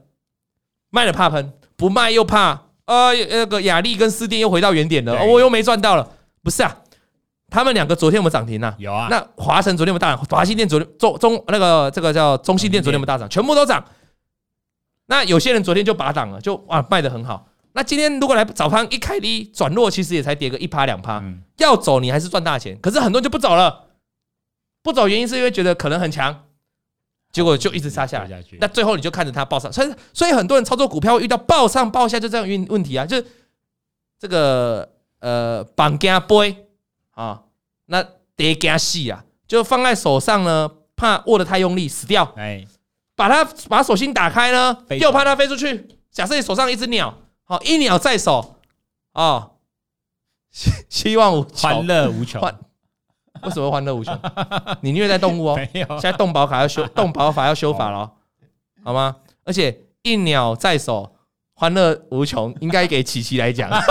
賣了怕噴，不賣又怕。呃，那個亞力跟士電又回到原點了，哦、我又沒賺到了。不是啊，他們兩個昨天有沒有漲停呢？啊。有啊，那華城昨天有沒有大漲，華西電昨天中中那個這個叫中興電昨天有沒有大漲，全部都漲。那有些人昨天就拔檔了，就哇、嗯、賣得很好。那今天如果來早盤一開低轉弱，其實也才跌個一趴兩趴，要走你還是賺大錢。可是很多人就不走了，不走原因是因為覺得可能很強。結果就一直殺下來，那最後你就看着它爆上，所以所以很多人操作股票遇到爆上爆下就這樣問問題啊，就是這個呃綁肩背啊，那得肩細啊，就放在手上呢，怕握得太用力死掉，哎，把它把手心打開呢，又怕它飛出去。假設你手上一隻鳥，好、哦、一鳥在手啊、哦，希望無窮，歡樂無窮。為什麼會歡樂無窮？ 你虐待動物哦！ 沒有啊、現在動保卡要修，動保法要修法了， 好嗎？而且一鳥在手，歡樂無窮，應該給琪琪來講啊、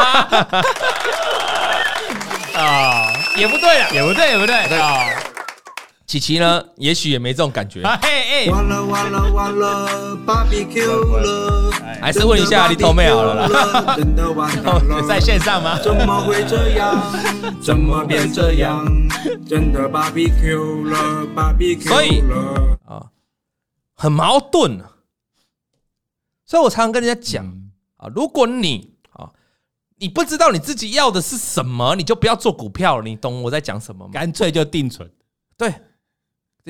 哦，也不對了，也不對，也不對啊。對哦琪琪呢？也許也沒這種感覺。 啊、完了完了！還是問一下你頭妹好了啦，真的完了 你在線上嗎？怎麼會這樣？ 怎麼變這樣？真的芭比 Q 了，芭比 Q 了！所以啊、哦，很矛盾。所以我常常跟人家講啊、嗯，如果你啊、哦，你不知道你自己要的是什麼，你就不要做股票了。你懂我在講什麼嗎？乾脆就定存。對。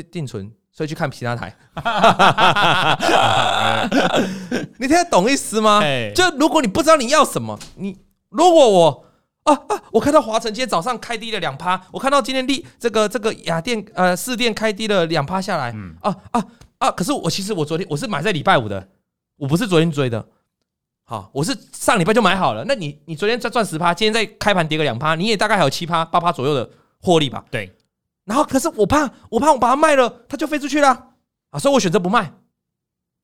定存，所以去看其他台。 你聽得懂意思嗎？就如果你不知道你要什麼，你如果我啊啊，我看到華晨今天早上開低了兩趴，我看到今天利這個這個雅電呃四電開低了兩趴下來，嗯啊啊啊,啊！啊、可是我其實我昨天我是買在禮拜五的，我不是昨天追的，好，我是上禮拜就買好了。那你你昨天再賺十趴，今天再開盤跌個兩趴，你也大概還有七趴八趴左右的獲利吧？對。然後可是我怕，我怕我把它賣了，它就飛出去了啊！啊所以我選擇不賣。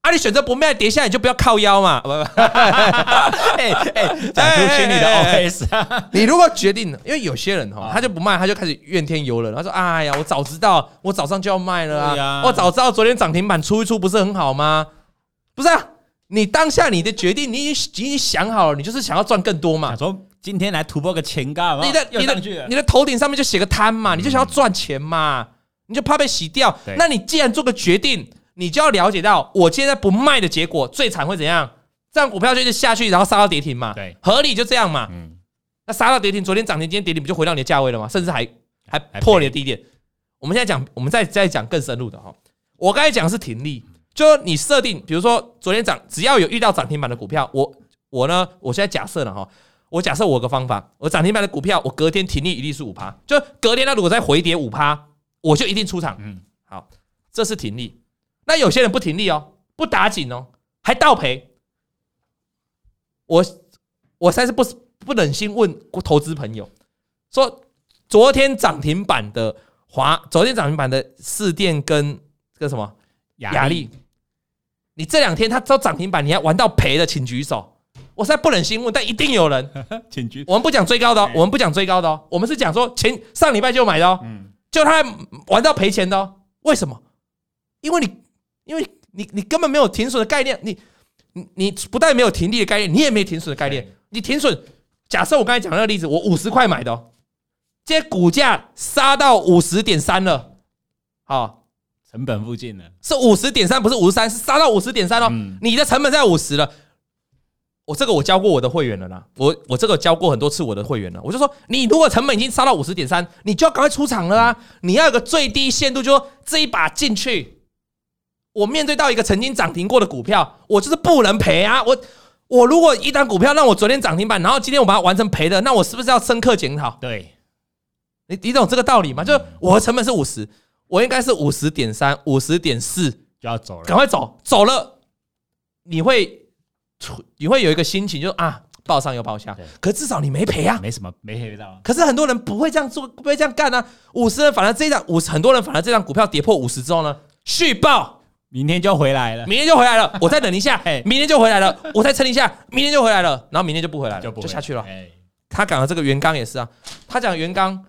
啊，你選擇不賣，跌下來你就不要靠腰嘛！哎 哎、 欸，講、欸、出心裡的 OS、欸欸欸欸欸欸啊、你如果決定，因為有些人哈、哦，他就不賣，他就開始怨天尤人。他說：“哎呀，我早知道，我早上就要賣了啊！啊我早知道昨天漲停板出一出不是很好嗎？不是啊！你當下你的決定，你已經想好了，你就是想要賺更多嘛。”今天來突破個前高，你的你的你的頭頂上面就寫個貪嘛，你就想要賺錢嘛，嗯、你就怕被洗掉。那你既然做個決定，你就要了解到，我現在不賣的結果最慘會怎樣？這樣股票就一直下去，然後殺到跌停嘛。對，合理就這樣嘛。嗯、那殺到跌停，昨天漲停，今天跌停，不就回到你的價位了嗎？甚至還還破你的低點還還。我們現在講，我們再再講更深入的哈。我剛才講的是停利，就你設定，比如說昨天漲，只要有遇到漲停板的股票，我我呢，我現在假設了哈。我假設我個方法，我漲停板的股票，我隔天停利一定是五趴，就隔天它如果再回跌五趴，我就一定出場。嗯，好，這是停利。那有些人不停利哦，不打緊哦，還倒賠。我，我實在是不不忍心問投資朋友說，昨天漲停板的華，昨天漲停板的世電跟這個什麼雅力，你這兩天他遭漲停板，你還玩到賠的，請舉手。我實在不忍心問，但一定有人。我們不講追高的，我們不講追高的、哦 我追高的哦，我們是講說前上禮拜就買的哦，嗯、就他還玩到賠錢的哦。為什麼？因為你，因為你，你根本沒有停損的概念，你，你，你不但沒有停利的概念，你也沒停損的概念。嗯、你停損，假設我剛才講那個例子，我五十塊買的，哦，這股價殺到五十點三了，好，哦，成本附近了，是五十點三，不是五十三，是殺到五十點三了，你的成本在五十了。我這個我教過我的會員了啦，我我這個教過很多次我的會員了，我就說你如果成本已經殺到五十點三，你就要趕快出場了啦、啊。你要有個最低限度，就說這一把進去，我面對到一個曾經漲停過的股票，我就是不能賠啊。我我如果一檔股票讓我昨天漲停板，然後今天我把它完成賠的，那我是不是要深刻檢討？對，你你懂這個道理嗎、嗯、就是我的成本是五十，我應該是五十點三、五十點四就要走了，趕快走走了，你會。你會有一個心情就，就是啊，抱上又抱下，可至少你沒賠啊，沒什麼沒賠到。可是很多人不會這樣做，不會這樣幹啊。五十，人反而這張五十，50, 很多人反而這檔股票跌破五十之後呢，續抱，明天就回來了，明天就回來了，我再等一下， 明天就回來了， 我再撐一下，明天就回來了，然後明天就不回來了，就，就下去了，哎。他講的這個原缸也是啊，他講的原缸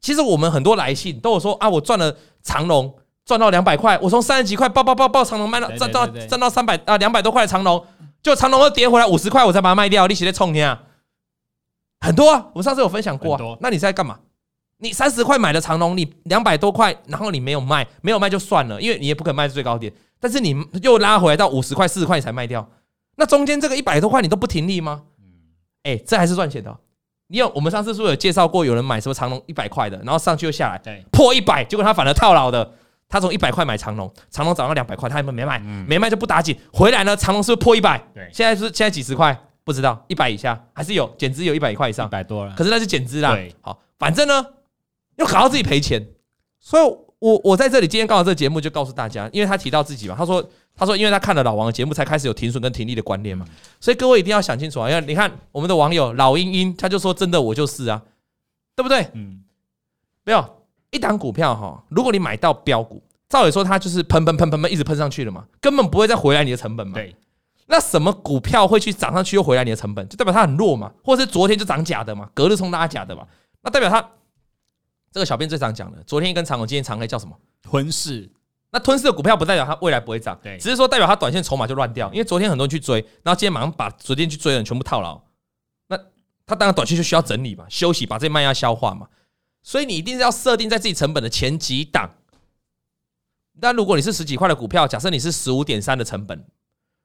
其實我們很多來信都有說啊，我賺了長榮，賺到兩百塊，我從三十幾塊抱抱抱抱長榮賣了，對對對對賺到賺到三百啊兩百多塊的長榮。就長榮又跌回來五十塊，我才把它賣掉，你是在衝天啊！很多，啊。我上次有分享過啊。那你在幹嘛？你三十塊買的長榮，你兩百多塊，然後你沒有賣，沒有賣就算了，因為你也不可能賣最高點。但是你又拉回來到五十塊、四十塊才賣掉，那中間這個一百多塊你都不停利嗎？嗯，哎，這還是賺錢的、啊。你有我們上次是不是有介紹過？有人買什麼長榮一百塊的，然後上去又下來，對，破一百，結果他反而套牢的。他從一百塊買長龍，長龍漲到兩百塊，他還沒沒賣，嗯、沒賣就不打緊。回來呢，長龍是不是破一百？對，現在是現在幾十塊，不知道一百以下還是有，減資有一百塊以上，百多了。可是那是減資啦。好，反正呢，又搞到自己賠錢。所以我，我我在這裡今天剛好這個節目就告訴大家，因為他提到自己嘛，他說他說，因為他看了老王的節目，才開始有停損跟停利的觀念嘛。嗯、所以各位一定要想清楚啊，因為你看我們的網友老英英，他就說真的，我就是啊，對不對？嗯，沒有。一檔股票哈，如果你買到標股，照理說它就是噴噴噴噴噴一直噴上去的嘛，根本不會再回來你的成本嘛。對，那什麼股票會去漲上去又回來你的成本？就代表它很弱嘛，或者是昨天就漲假的嘛，隔日衝拉假的嘛，那代表它這個小編最常講的，昨天一根長紅，我今天長黑叫什麼吞噬？那吞噬的股票不代表它未來不會漲，對，只是說代表它短線籌碼就亂掉，因為昨天很多人去追，然後今天馬上把昨天去追的人全部套牢，那它當然短期就需要整理嘛，休息把這些賣壓消化嘛。所以你一定是要設定在自己成本的前幾檔。但如果你是十幾塊的股票，假設你是十五點三的成本，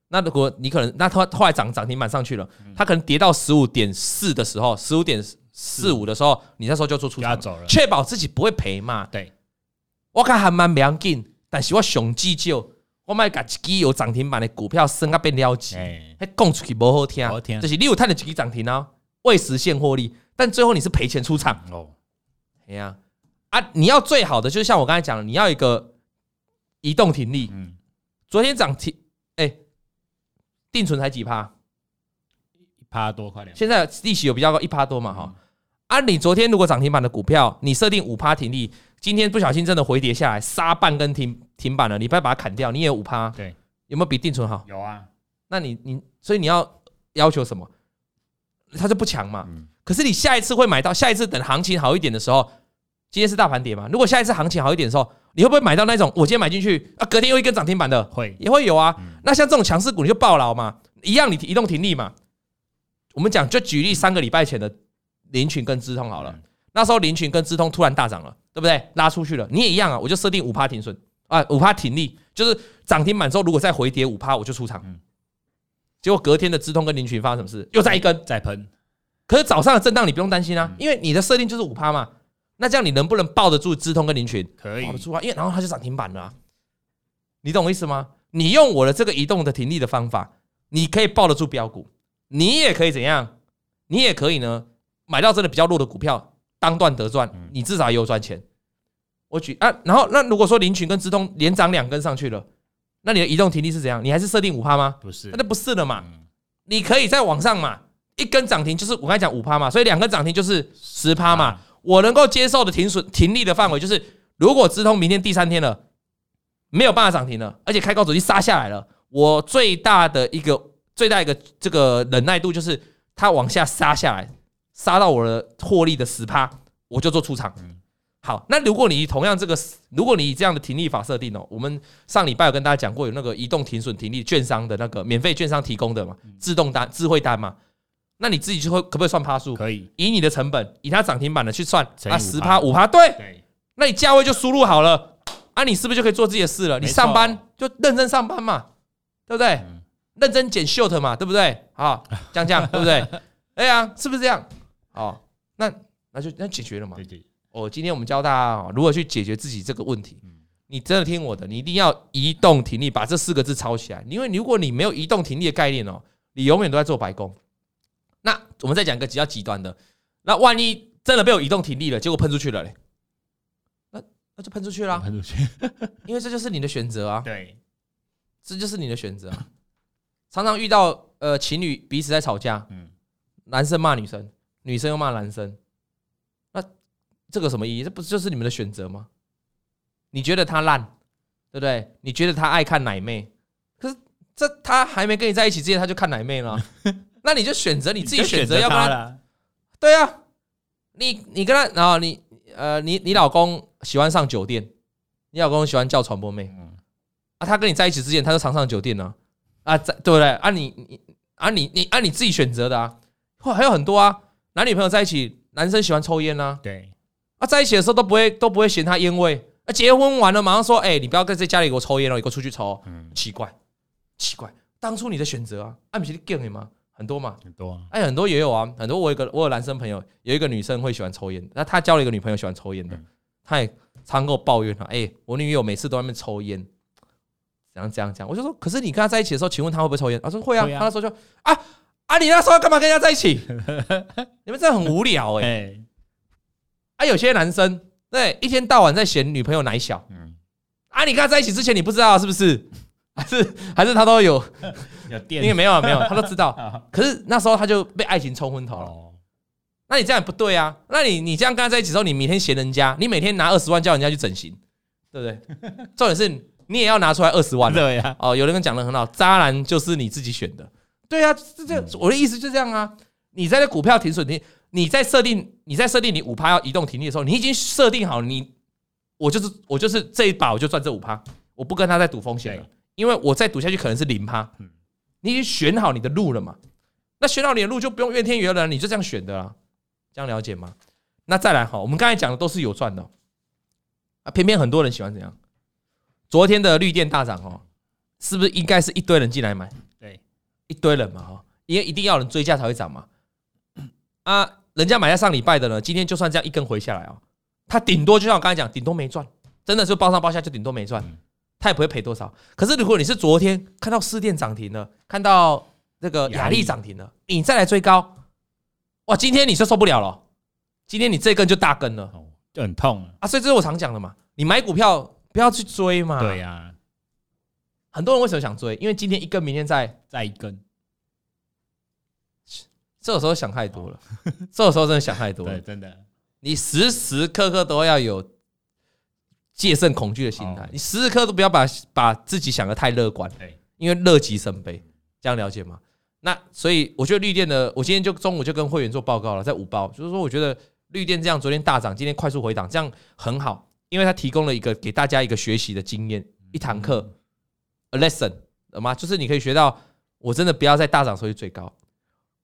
那如果你可能，那後後來漲漲停板上去了，它可能跌到十五點四的時候，十五點四五的時候，你那時候就要做出場，確保自己不會賠嘛。對，我看還蠻明勁，但是我熊基就我買個基有漲停板的股票升阿變幺級，還、欸、講出去不好聽。不好聽，就是你有探了幾漲停啊、哦？未實現獲利，但最後你是賠錢出場、嗯、哦。怎、yeah. 樣啊？你要最好的，就是，像我剛才講的，你要一個移動停利、嗯。昨天漲停，哎、欸，定存才幾趴？一趴多，快點。現在利息有比較高1，一趴多嘛，哈、嗯。啊，你昨天如果漲停板的股票，你設定五趴停利，今天不小心真的回跌下來，殺半根停停板了，你不要把它砍掉，你也五趴。對，有沒有比定存好？有啊。那你你所以你要要求什麼？它就不強嘛、嗯。可是你下一次會買到，下一次等行情好一點的時候。今天是大盤跌嘛？如果下一次行情好一點的時候，你會不會買到那種我今天買進去啊，隔天又一根漲停板的？會也會有啊。嗯、那像這種強勢股，你就抱牢嘛，一樣你移動停利嘛。我們講就舉例三個禮拜前的凌群跟資通好了，嗯、那時候凌群跟資通突然大漲了，對不對？拉出去了，你也一樣啊。我就設定五趴停損啊，五趴停利，就是漲停板之後如果再回跌五趴，我就出場。嗯、結果隔天的資通跟凌群發生什麼事？又再一根再噴、嗯。可是早上的震盪你不用擔心啊、嗯，因為你的設定就是五趴嘛。那這樣你能不能抱得住？資通跟凌群可以抱不住啊，因為然後它就漲停板了、啊，你懂我意思嗎？你用我的這個移動的停利的方法，你可以抱得住標股，你也可以怎樣？你也可以呢，買到真的比較弱的股票，當斷得賺，你至少也有賺錢。嗯、我舉啊，然後那如果說凌群跟資通連漲兩根上去了，那你的移動停利是怎樣？你還是設定五趴嗎？不是，那不是了嘛、嗯。你可以再往上嘛，一根漲停就是我剛才講五趴嘛，所以兩根漲停就是十趴嘛。啊我能夠接受的停損停利的範圍，就是如果資通明天第三天了，沒有辦法漲停了，而且開高阻力殺下來了，我最大的一個最大一個這個忍耐度，就是它往下殺下來，殺到我的獲利的十趴，我就做出場。好，那如果你同樣這個，如果你以這樣的停利法設定哦、喔，我們上禮拜有跟大家講過，有那個移動停損停利券商的那個免費券商提供的嘛，自動單智慧單嘛。那你自己就會可不可以算趴數？可以，以你的成本，以它漲停板的去算，啊，十趴五趴，對，那你價位就輸入好了。啊，你是不是就可以做自己的事了？你上班就認真上班嘛，對不對？嗯、認真撿 short 嘛，對不對？好，這樣這樣，對不對？對 啊、哎，是不是這樣？好，那那就那解決了嘛。對對、對，我、哦、今天我們教大家、哦、如何去解決自己這個問題、嗯。你真的聽我的，你一定要移動停利，把這四個字抄起來。因為如果你沒有移動停利的概念哦，你永遠都在做白工。我們再講一個比較極端的，那萬一真的被我移動停利了，結果噴出去了嘞，欸，那那就噴出去啦。噴出去，因為這就是你的選擇啊。對，這就是你的選擇、啊。常常遇到呃情侶彼此在吵架，男生罵女生，女生又罵男生，那這個什麼意義？這不就是你們的選擇嗎？你覺得他爛，對不對？你覺得他愛看奶妹，可是這他還沒跟你在一起之前他就看奶妹了。 那你就選擇，你自己選擇，要不然，對啊你，你你跟他，然、哦、你呃，你你老公喜歡上酒店，你老公喜歡叫傳播妹，嗯、啊，他跟你在一起之前，他就常上酒店呢、啊，啊，在對不對？啊你，你啊你啊，你你啊，你自己選擇的啊，哇還有很多啊，男女朋友在一起，男生喜歡抽菸呢、啊，對，啊，在一起的時候都不會都不會嫌他菸味，啊，結婚完了馬上說，哎、欸，你不要在在家裡給我抽菸了，你給我出去抽，嗯，奇怪奇怪，當初你的選擇啊，按理講你嗎？很多嘛，很多啊！哎，很多也有啊，很多。我有個，我有男生朋友，有一個女生會喜歡抽煙，那他交了一個女朋友喜歡抽煙的，嗯、他也常跟我抱怨他、啊，哎、欸，我女友每次都在那抽煙，然後這樣這樣。我就說，可是你跟他在一起的時候，請問他會不會抽煙？他說會啊，啊他那時候就啊啊，啊你那時候要幹嘛跟人家在一起？ 你們這樣很無聊哎、欸！啊，有些男生對，一天到晚在嫌女朋友奶小，嗯，啊，你跟他在一起之前你不知道是不是？還是還是他都有，因為沒有、啊、沒有，他都知道。可是那時候他就被愛情沖昏頭了。那你這樣不對啊？那你你這樣跟他在一起之後，你每天嫌人家，你每天拿二十萬叫人家去整形，對不對？重點是，你也要拿出來二十萬。 對呀、啊。哦，有人跟你講的很好，渣男就是你自己選的。對呀，這這我的意思就是這樣啊。你在那股票停損點，你在設定，你在設定你五趴要移動停利的時候，你已經設定好你我就是我就是這一把我就賺這五趴，我不跟他再賭風險了、okay。因為我再賭下去可能是零趴。你已經選好你的路了嘛，那選好你的路就不用怨天尤人，你就這樣選的啦，這樣了解嗎？那再來哈，我們剛才講的都是有賺的啊，偏偏很多人喜歡這樣。昨天的綠電大漲哦，是不是應該是一堆人進來買？對，一堆人嘛哈，因為一定要有人追價才會漲嘛。啊，人家買在上禮拜的呢，今天就算這樣一根回下來啊，他頂多就像我剛才講，頂多沒賺，真的是，是包上包下就頂多沒賺、嗯。他也不會賠多少。可是如果你是昨天看到士電漲停了，看到那個亞力漲停了，你再來追高，哇！今天你就受不了了，今天你這一根就大根了，就很痛啊！所以這是我常講的嘛，你買股票不要去追嘛。對呀，很多人為什麼想追？因為今天一根，明天再再一根，這個時候想太多了，這個時候真的想太多了，真的，你時時刻刻都要有。戒慎恐懼的心態，oh. 你時時刻都不要把把自己想的太樂觀，對，因為樂極生悲，這樣了解嗎？那所以我覺得綠電的，我今天就中午就跟會員做報告了，在五包，就是說我覺得綠電這樣昨天大漲，今天快速回檔，這樣很好，因為它提供了一個給大家一個學習的經驗，mm -hmm. 一堂課，a lesson，好、mm -hmm. 嗎？就是你可以學到，我真的不要再大漲所以最高，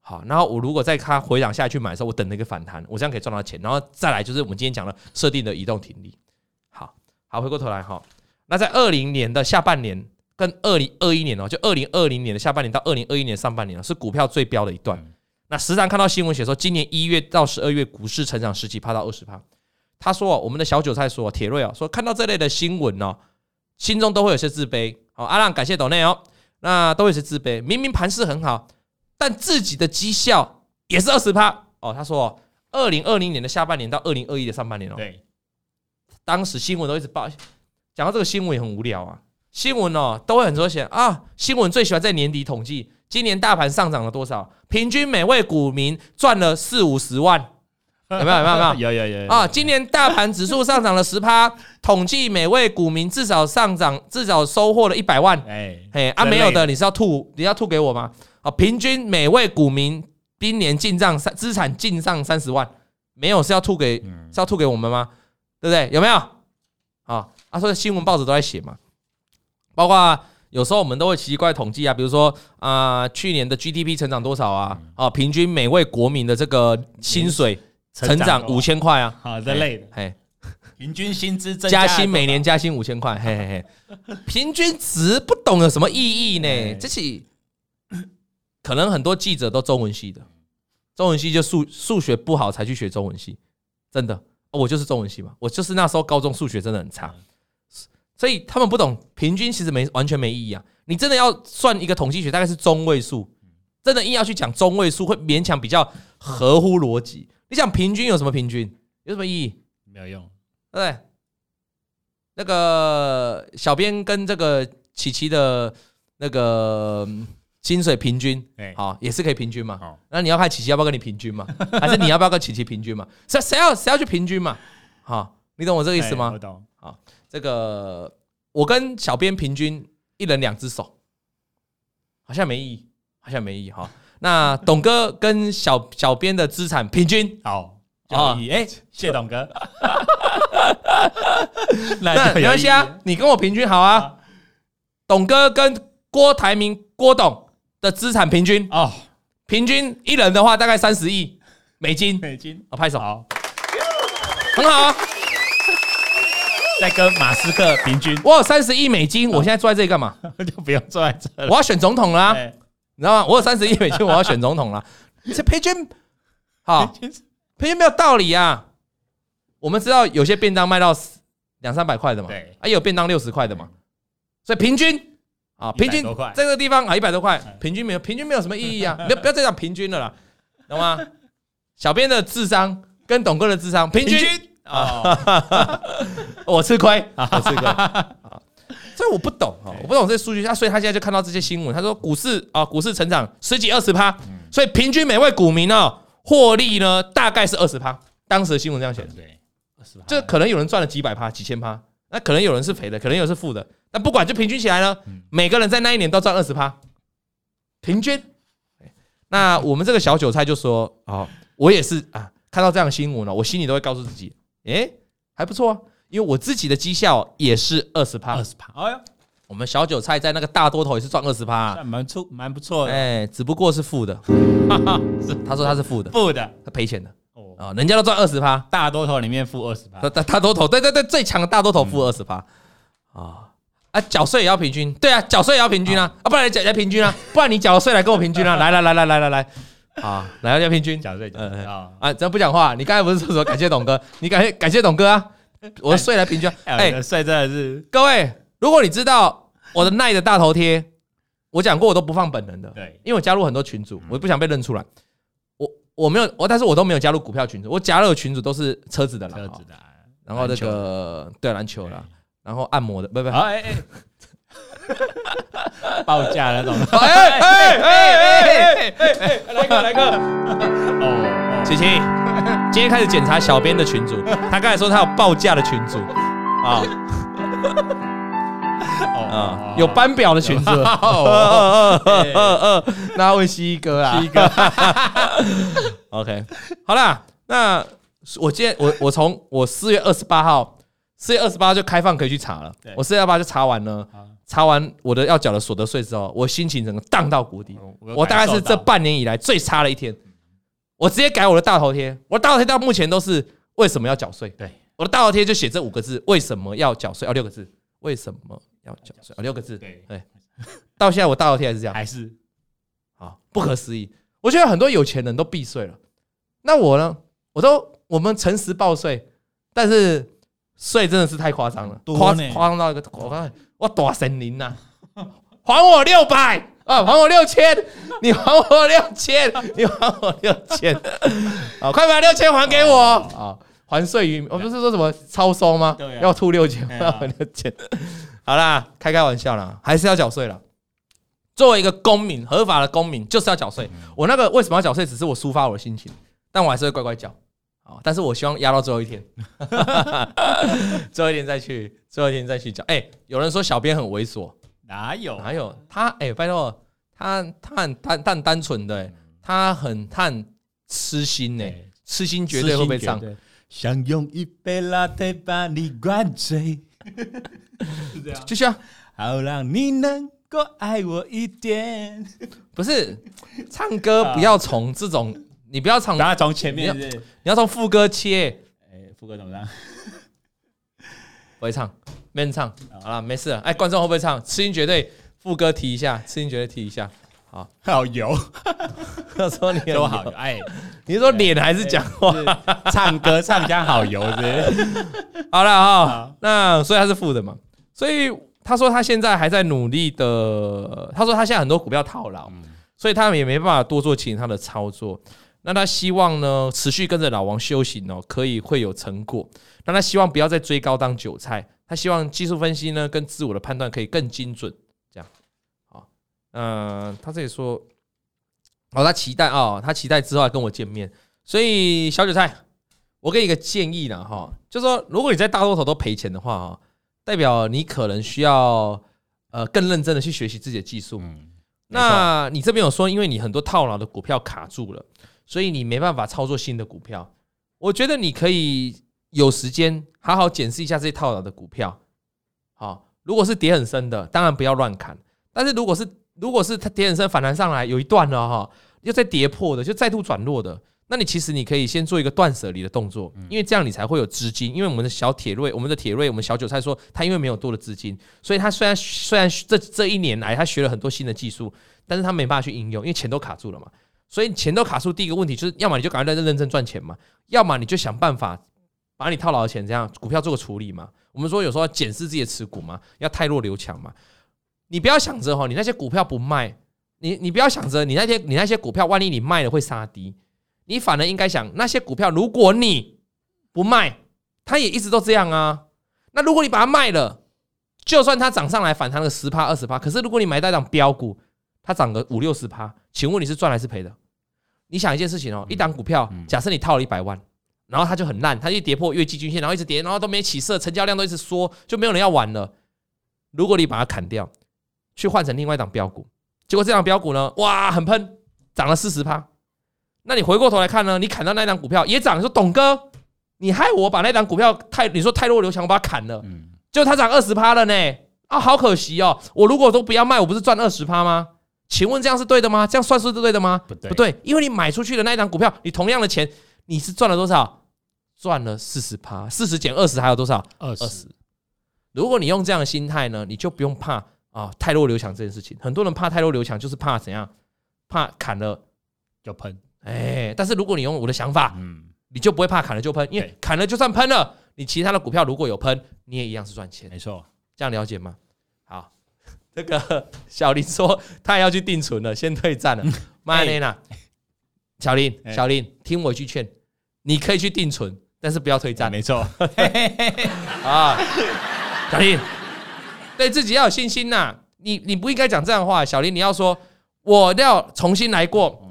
好，然後我如果在他回檔下去買的時候，我等那個反彈，我這樣可以賺到錢，然後再來就是我們今天講的設定的移動停利好，回過頭來哈，那在二零年的下半年跟二零二一年哦，就二零二零年的下半年到二零二一年的上半年是股票最飆的一段。嗯。那時常看到新聞寫說，今年一月到十二月股市成長十幾趴到二十趴。他說，我們的小韭菜說，鐵瑞啊，說看到這類的新聞呢，心中都會有些自卑。好，阿浪感謝抖內哦，那都會有些自卑。明明盤勢很好，但自己的績效也是二十趴哦。他說，二零二零年的下半年到二零二一的上半年哦，對。當時新聞都一直報，講到這個新聞也很無聊啊。新聞哦都會很多人寫啊。新聞最喜歡在年底統計，今年大盤上漲了多少？平均每位股民賺了四五十萬，有沒有？有沒有？ 有，有有有啊！今年大盤指數上漲了十趴，統計每位股民至少上漲至少收穫了一百萬哎。哎啊，沒有的，你是要吐？你要吐給我嗎？啊，平均每位股民今年進賬三資產進賬三十萬，沒有是要吐給是要吐給我們嗎？對不對？有沒有？哦、啊，他說新聞報紙都在寫嘛，包括、啊、有時候我們都會奇怪統計啊，比如說啊、呃，去年的 GDP 成長多少啊？啊，平均每位國民的這個薪水成長五千塊啊？啊，這類的，哎，平均薪資加，加薪每年加薪五千塊， 嘿嘿，嘿，平均值不懂有什麼意義呢？這是可能很多記者都中文系的，中文系就數數學不好才去學中文系，真的。我就是中文系嘛，我就是那時候高中數學真的很差，所以他們不懂平均其實沒完全沒意義啊。你真的要算一個統計學，大概是中位數，真的硬要去講中位數會勉強比較合乎邏輯。你講平均有什麼平均，有什麼意義？沒有用。對，那個小編跟這個琪琪的那個。薪水平均，欸、好，也是可以平均嘛？那你要看琪琪要不要跟你平均嘛？ 還是你要不要跟琪琪平均嘛？誰誰要誰要去平均嘛？好，你懂我這個意思嗎？欸、我懂。好，這個我跟小編平均一人兩隻手，好像沒意義，好像沒意義哈。那董哥跟小小編的資產平均， 好，有意義。哎、欸，謝，謝董哥， 那有那沒關係啊，你跟我平均好啊。啊董哥跟郭台銘，郭董。的資產平均哦，oh, 平均一人的話大概三十億美金。美金啊，拍、oh, 手好，oh. 很好啊。再 跟馬斯克平均，我有三十億美金，oh. 我現在坐在這裡幹嘛？ 就不用坐在這裡了。我要選總統啦、啊，你知道嗎？我有三十億美金， 我要選總統啦、啊。這平均好，平、oh, 均沒有道理啊。我們知道有些便當賣到兩三百塊的嘛，對，啊、也有便當六十塊的嘛，所以平均。啊，平均這個地方啊，一百多塊，平均沒有，平均沒有什麼意義啊！不要不要再講平均的了啦， 懂嗎？小編的智商跟董哥的智商平均啊，我吃虧，我吃虧，所以我不懂啊，我不懂這些數據。那所以他現在就看到這些新聞，他說股市啊，股市成長十幾二十趴，嗯、所以平均每位股民呢、哦、獲利呢大概是二十趴，當時的新聞這樣寫的。嗯、對，二十趴，這可能有人賺了幾百趴，幾千趴。那可能有人是賠的，可能有人是負的。那不管就平均起來呢，嗯、每個人在那一年都賺二十趴，平均。那我們這個小韭菜就說：“ 哦，我也是啊，看到這樣新聞了，我心裡都會告訴自己，誒、欸，還不錯、啊，因為我自己的績效也是二十趴，二十趴。哎呀、哦，我們小韭菜在那個大多頭也是賺二十趴，蠻出蠻不錯的。哎、欸，只不過是負的。哈 哈，是他說他是負的，負的，他賠錢的。”啊，人家都賺二十趴，大多頭裡面負二十趴，大他他多頭，對對對，對，最強的大多頭負二十趴，啊啊，繳稅也要平均，對啊，繳稅也要平均啊，啊，不然你繳來平均啊，不然你繳稅來跟我平均啊，來來來來來來來，好，來要平均，繳稅繳稅，好啊，啊，只要不講話，你剛才不是說感謝董哥，你感謝感謝董哥啊，我的稅來平均，哎，稅真的是，各位，如果你知道我的奈的大頭貼，我講過我都不放本人的，對，因為我加入很多群組，我不想被認出來。我沒有我，但是我都沒有加入股票群組。我加入的群組都是車子的啦，車子的，然後那個對籃球了，然後按摩的，不不，報價那種。哎哎哎哎哎哎，來一個來一個。哦，琪琪，今天開始檢查小編的群組，他剛才說他有報價的群組啊。啊， oh, wow, wow. 有班表的選擇、oh, wow. yeah. 笑 spotted okay.。那問西哥啊，西哥，OK，好啦，那我今天 我從我從我四月二十八號，四月二十八號就開放可以去查了。我四月二十八號就查完了，查完我的要繳的所得稅之後，我心情整個盪到谷底。Oh, 我大概是這半年以來最差的一天。Oh, 我直接改我的大頭貼，我的大頭貼到目前都是為什麼要繳稅？對，我的大頭貼就寫這五個字：為什麼要繳稅？哦，六個字：為什麼？要繳稅啊！六個字。對對，到現在我大頭貼還是這樣，還是不可思議。我覺得很多有錢人都避稅了，那我呢？我都我們誠實報稅，但是稅真的是太誇張了，誇張到一個我我大神靈吶！還我六百啊！還我六千！你還我六千！你還我六千！好，快把六千還給我啊！還稅於我，不是說什麼超收嗎？要吐六千，六千。好啦，開開玩笑啦，還是要繳稅了。作為一個公民，合法的公民就是要繳稅、嗯嗯。我那個為什麼要繳稅，只是我抒發我的心情，但我還是會乖乖繳。好，但是我希望壓到最後一天，哈哈哈哈最後一天再去，最後一天再去繳。哎、欸，有人說小編很猥瑣，哪有？哪有？他，哎、欸，拜託，他他他很單純的，他很他很癡心呢、欸欸，癡心絕對會被傷。想用一杯拿鐵把你灌醉。 是這樣啊！好讓你能夠愛我一點， 不是？唱歌不要從這種，你不要唱，然後，從前面是是你要從副歌切，欸。副歌怎麼唱？不會唱，沒 人唱好啊，沒事了。哎、欸，觀眾會不會唱？痴心絕對副歌提一下，痴心絕對提一下。好，好油。他 說你都好油，哎、欸，你是說臉還是講話？欸欸，唱歌唱加好油是是，對。 好了哈，那所以他是副的嘛。所以他說他現在還在努力的，他說他現在很多股票套牢，所以他也沒辦法多做其他的操作。那他希望呢，持續跟着老王修行哦，可以會有成果。那他希望不要再追高當韭菜，他希望技術分析呢跟自我的判斷可以更精準。這樣，好，嗯，他這裡說，好，他期待啊、哦，他期待之後還跟我見面。所以小韭菜，我給你一個建議啦。哈，就是說如果你在大多頭都賠錢的話，代表你可能需要呃更認真的去學習自己的技術。嗯，那你這邊有說，因為你很多套牢的股票卡住了，所以你沒辦法操作新的股票。我覺得你可以有時間好好檢視一下這些套牢的股票。好、哦，如果是跌很深的，當然不要亂砍。但是如果是，如果是它跌很深反彈上來有一段了哈、哦，又再跌破的，就再度轉弱的。那你其實你可以先做一個斷捨離的動作，因為這樣你才會有資金。因為我們的小鐵瑞，我們的鐵瑞，我們小韭菜說他因為沒有多的資金，所以他雖然雖然這這一年來他學了很多新的技術，但是他沒辦法去應用，因為錢都卡住了嘛。所以錢都卡住，第一個問題就是，要麼你就趕快認真賺錢嘛，要麼你就想辦法把你套牢的錢這樣股票做個處理嘛。我們說有時候要檢視自己的持股嘛，要汰弱留強嘛。你不要想着哈，你那些股票不賣，你你不要想着你那些你那些股票，萬一你賣了會殺低。你反而應該想，那些股票如果你不賣，它也一直都這樣啊。那如果你把它賣了，就算它漲上來反彈了十趴二十趴，可是如果你買到一檔標股，它漲個五六十趴，請問你是賺還是賠的？你想一件事情哦，一檔股票，假設你套了一百萬，然後它就很爛，它就跌破月季均線，然後一直跌，然後都沒起色，成交量都一直縮，就沒有人要玩了。如果你把它砍掉，去換成另外一檔標股，結果這檔標股呢，哇，很噴，漲了四十趴。那你回過頭來看呢？你砍到那檔股票也漲，你說董哥，你害我把那檔股票太，你說汰弱留強，我把它砍了就，就它漲二十趴了呢啊，好可惜哦！我如果都不要賣，我不是賺二十趴嗎？請問這樣是對的嗎？這樣算數是對的嗎？不對，不對，因為你買出去的那檔股票，你同樣的錢，你是賺了多少？賺了四十趴，四十減二十還有多少？二十。如果你用這樣的心態呢，你就不用怕啊，汰弱留強這件事情，很多人怕汰弱留強，就是怕怎樣？怕砍了就噴。哎、欸，但是如果你用我的想法，嗯、你就不會怕砍了就噴，因為砍了就算噴了。你其他的股票如果有噴，你也一樣是賺錢。沒錯，這樣了解嗎？好，這個小林說他也要去定存了，先退戰了。麥按呢，小林、欸，小林，聽我一句勸、欸，你可以去定存，但是不要退戰了、欸。沒錯，啊 小林，對自己要有信心吶、啊。你你不應該講這樣的話，小林，你要說我要重新來過。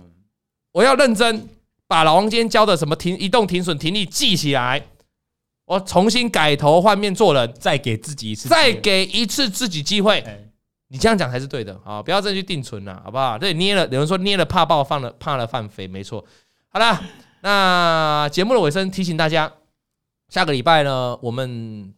我要認真把老王今天教的什麼停、移動、停損、停利記起來。我重新改頭換面做人，再給自己一次，再給一次自己機會。你這樣講才是對的啊！不要再去定存了，好不好？對，捏了有人說捏了怕爆，放了怕了放飛，沒錯。好啦， 那節目的尾聲提醒大家，下個禮拜呢，我們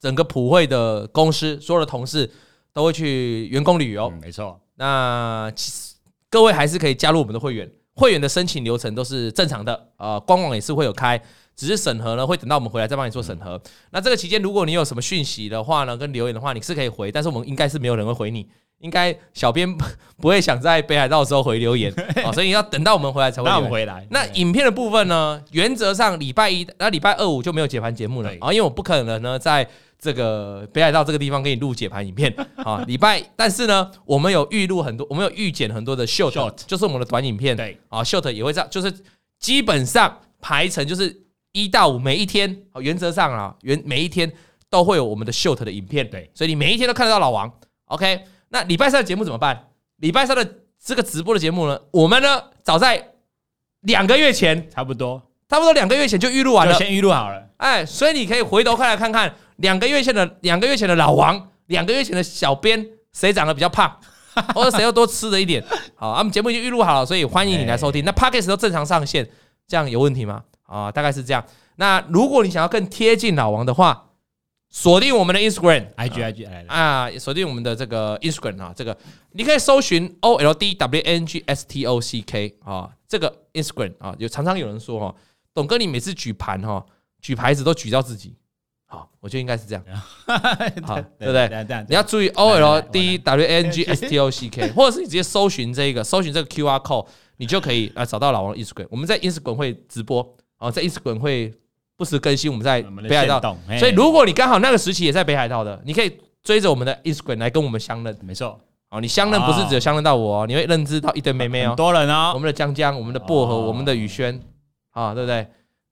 整個普惠的公司所有的同事都會去員工旅遊、嗯。沒錯，那其實各位還是可以加入我們的會員。會員的申請流程都是正常的，呃，官網也是會有開，只是審核呢會等到我們回來再幫你做審核。嗯。那這個期間，如果你有什麼訊息的話呢，跟留言的話，你是可以回，但是我們應該是沒有人會回你，應該小編不會想在北海道的時候回留言， 哦，所以要等到我們回來才會。那 我們回來。那影片的部分呢，原則上禮拜一，那禮拜二五就沒有解盤節目了啊，哦，因為我不可能呢在。這個北海道這個地方給你錄解盤影片 啊，禮拜。但是呢，我們有預錄很多，我們有預剪很多的 short, short，就是我們的短影片。對啊，short 也會在，就是基本上排程就是一到五，每一天，原則上啊，原每一天都會有我們的 short 的影片。對，所以你每一天都看得到老王。OK，那禮拜三的節目怎麼辦？禮拜三的這個直播的節目呢，我們呢早在兩個月前，差不多，差不多兩個月前就預錄完了，先預錄好了。哎，所以你可以回頭看來看看。兩個月前的兩個月前的老王，兩個月前的小編，誰長得比較胖， 或者誰要多吃了一點？好、 哦，我們節目已經預錄好了，所以歡迎你來收聽。哎哎哎哎，那 Podcast 都正常上線，這樣有問題嗎？啊、哦，大概是這樣。那如果你想要更貼近老王的話，鎖定我們的 Instagram，IG、啊、IG 來了啊，鎖定我們的這個 Instagram 啊，這個你可以搜尋 OLDWNGSTOCK 啊，這個 Instagram 啊，有常常有人說哈，董哥你每次舉盤哈、啊，舉牌子都舉到自己。好，我覺得應該是這樣， 好，對，對不對，對，對，對，對？你要注意 O L D W A N G S T O C K， 或者是你直接搜尋這個，搜尋這個 Q R code，你就可以啊、呃、找到老王的 Instagram。 我們在 Instagram 會直播，哦，在 Instagram 會不時更新。我們在北海道，所以如果你剛好那個時期也在北海道的，你可以追着我們的 Instagram 來跟我們相認。沒錯，哦，你相認不是只有相認到我哦，你會認知到一堆妹妹哦，啊、很多人哦，我們的江江，我們的薄荷，哦、我們的雨軒，啊、哦，對不對？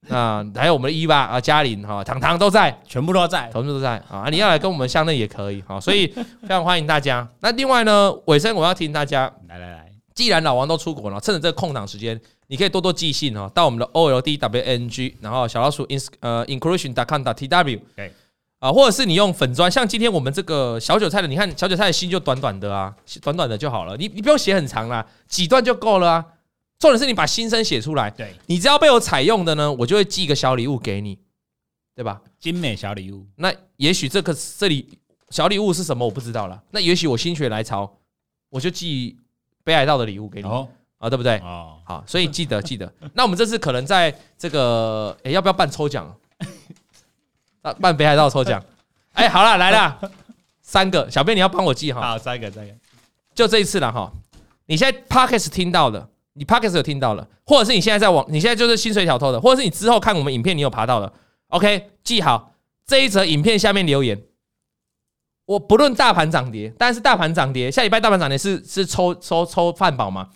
那、 呃、還有我們的 Eva 啊，嘉玲哈，糖、哦、糖都在，全部都在，同事都在啊，啊，啊，啊。你要來跟我們相認也可以哈， 所以非常歡迎大家。那另外呢，尾聲我要提醒大家來來來，既然老王都出國了，趁着這個空檔時間，你可以多多寄信、哦、到我們的 oldwng，然後小老鼠 ins 呃 inclusion.com.tw，okay。啊，或者是你用粉專，像今天我們這個小韭菜的，你看小韭菜的心就短短的啊，短短的就好了，你你不用寫很長啦，幾段就夠了啊。重點是你把心聲寫出來，對，你只要被我採用的呢，我就會寄一個小禮物給你，對吧？精美小禮物。那也許這個這裡小禮物是什麼，我不知道了。那也許我心血來潮，我就寄北海道的禮物給你、哦，啊，對不對、哦？好，所以記得記得。 那我們這次可能在這個，哎、欸，要不要辦抽獎？ 啊，辦北海道抽獎？哎、 欸，好了，來了， 三個，小編，你要幫我記哈，好，三個，三個，就這一次了哈。你現在 Podcast 聽到的。你 podcast 有聽到了，或者是你現在在網，你現在就是薪水小偷的，或者是你之後看我們影片，你有爬到了，OK，記好這一則影片下面留言。我不論大盤漲跌，但是大盤漲跌，下禮拜大盤漲跌是是抽抽抽飯寶嘛？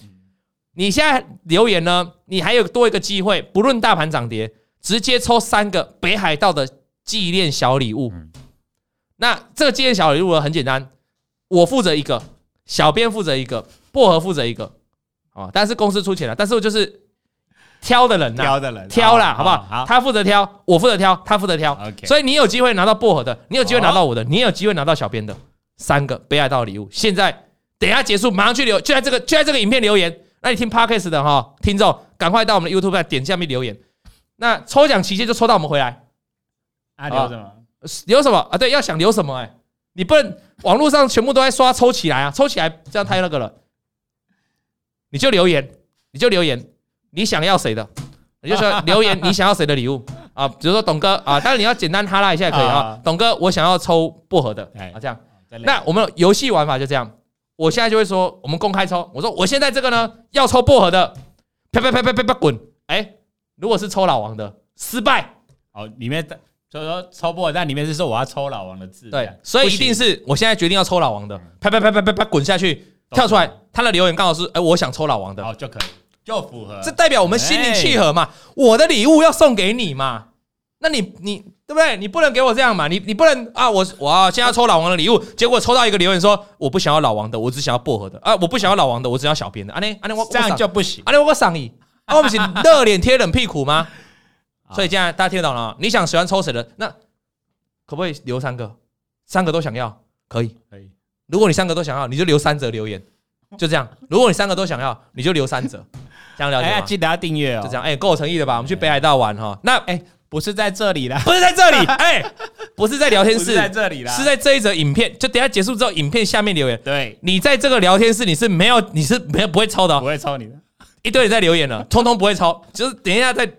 你現在留言呢，你還有多一個機會，不論大盤漲跌，直接抽三個北海道的紀念小禮物，嗯。那這個紀念小禮物呢，很簡單，我負責一個，小編負責一個，薄荷負責一個。但是公司出錢了，但是我就是挑的人吶、啊，挑的人，挑啦，哦、好不好？哦、好，他負責挑，我負責挑，他負責挑。OK，所以你有機會拿到薄荷的，你有機會拿到我的，哦、你有機會拿到小編的三個被愛到的禮物、哦。現在等一下結束，馬上去留，就在這個就在這個影片留言。那你聽 Podcast 的哈，聽眾趕快到我們的 YouTube 來點下面留言。那抽獎期間就抽到我們回來。啊，留什麼？啊、留什麼，留什麼啊？對，要想留什麼哎，欸，你不能網絡上全部都在刷抽起來啊， 抽起來這樣太那個了。你就留言，你就留言，你想要誰的？ 你就說留言，你想要誰的禮物啊？ 比如說董哥啊，但是你要簡單哈拉一下也可以啊， 啊。董哥，我想要抽薄荷的啊，啊，啊，這樣。那我們遊戲玩法就這樣，我現在就會說，我們公開抽。我說我現在這個呢，要抽薄荷的，啪啪啪啪啪啪滾！哎、欸，如果是抽老王的，失敗。哦，裡面的所以說抽薄荷，但裡面是說我要抽老王的字。對，所以一定是我現在決定要抽老王的，啪啪啪啪啪啪滾下去，跳出來。他的留言剛好是，哎、欸，我想抽老王的，就可以，就符合，這代表我們心靈契合嘛、欸。我的禮物要送給你嘛，那你你對不對？你不能給我這樣嘛，你你不能啊！我我先要抽老王的禮物，結果抽到一個留言說我不想要老王的，我只想要薄荷的啊！我不想要老王的，我只想要小編的啊！你啊，啊我這樣就不行啊！你我上你 啊我不行。熱臉貼冷屁股嗎？ 所以現在大家聽得懂了，你想喜歡抽誰的，那可不可以留三個？三個都想要，可以可以。如果你三個都想要，你就留三則留言。就這樣，如果你三個都想要，你就留三者。這樣聊天，要記得訂閱哦。就這樣，哎、欸，夠誠意的吧？我們去北海道玩哈、okay. 哦。那、欸、不是在這裡啦，不是在這裡，欸、 不是在聊天室，是在這裡啦。是在這一則影片。就等一下結束之後，影片下面留言。對，你在這個聊天室你是沒有，你是沒不會抽的，不會抽、哦、你的。一堆人在留言了，通通不會抽， 就是等一下在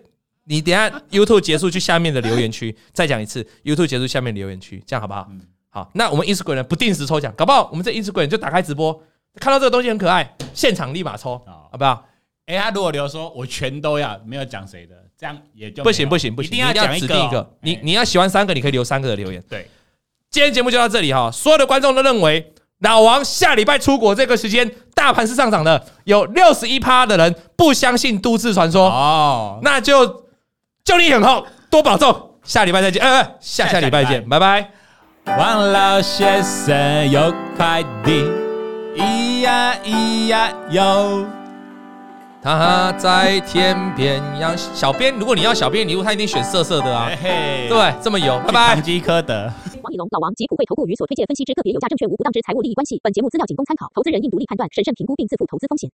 你等一下 YouTube 結束去下面的留言區 再講一次 YouTube 結束下面留言區，這樣好不好？嗯、好，那我們 Instagram 不定時抽獎，搞不好我們這 Instagram 就打開直播。看到這個東西很可愛，現場立馬抽，哦、好不好？哎、欸，他如果留說，我全都要，沒有講誰的，這樣也就不行，不行，不行，一定要講一個、哦、一,一個，欸、你你要喜歡三個，你可以留三個的留言。對，今天節目就到這裡哈、哦，所有的觀眾都認為老王下禮拜出國這個時間大盤是上漲的，有六十一趴的人不相信都市傳說哦，那就就你很厚，多保重，下禮拜再見，呃，下下禮拜見下下禮拜，拜拜。王老先生有塊地。咿呀咿呀喲，他在天邊。要小編，如果你要小編禮物，你他一定選色色的啊！嘿,嘿，對，這麼有。拜拜，王以龍、老王及普惠投顧與所推薦分析之個別有價證券無不當之財務利益關係。本節目資料僅供參考，投資人應獨立判斷、審慎評估並自負投資風險。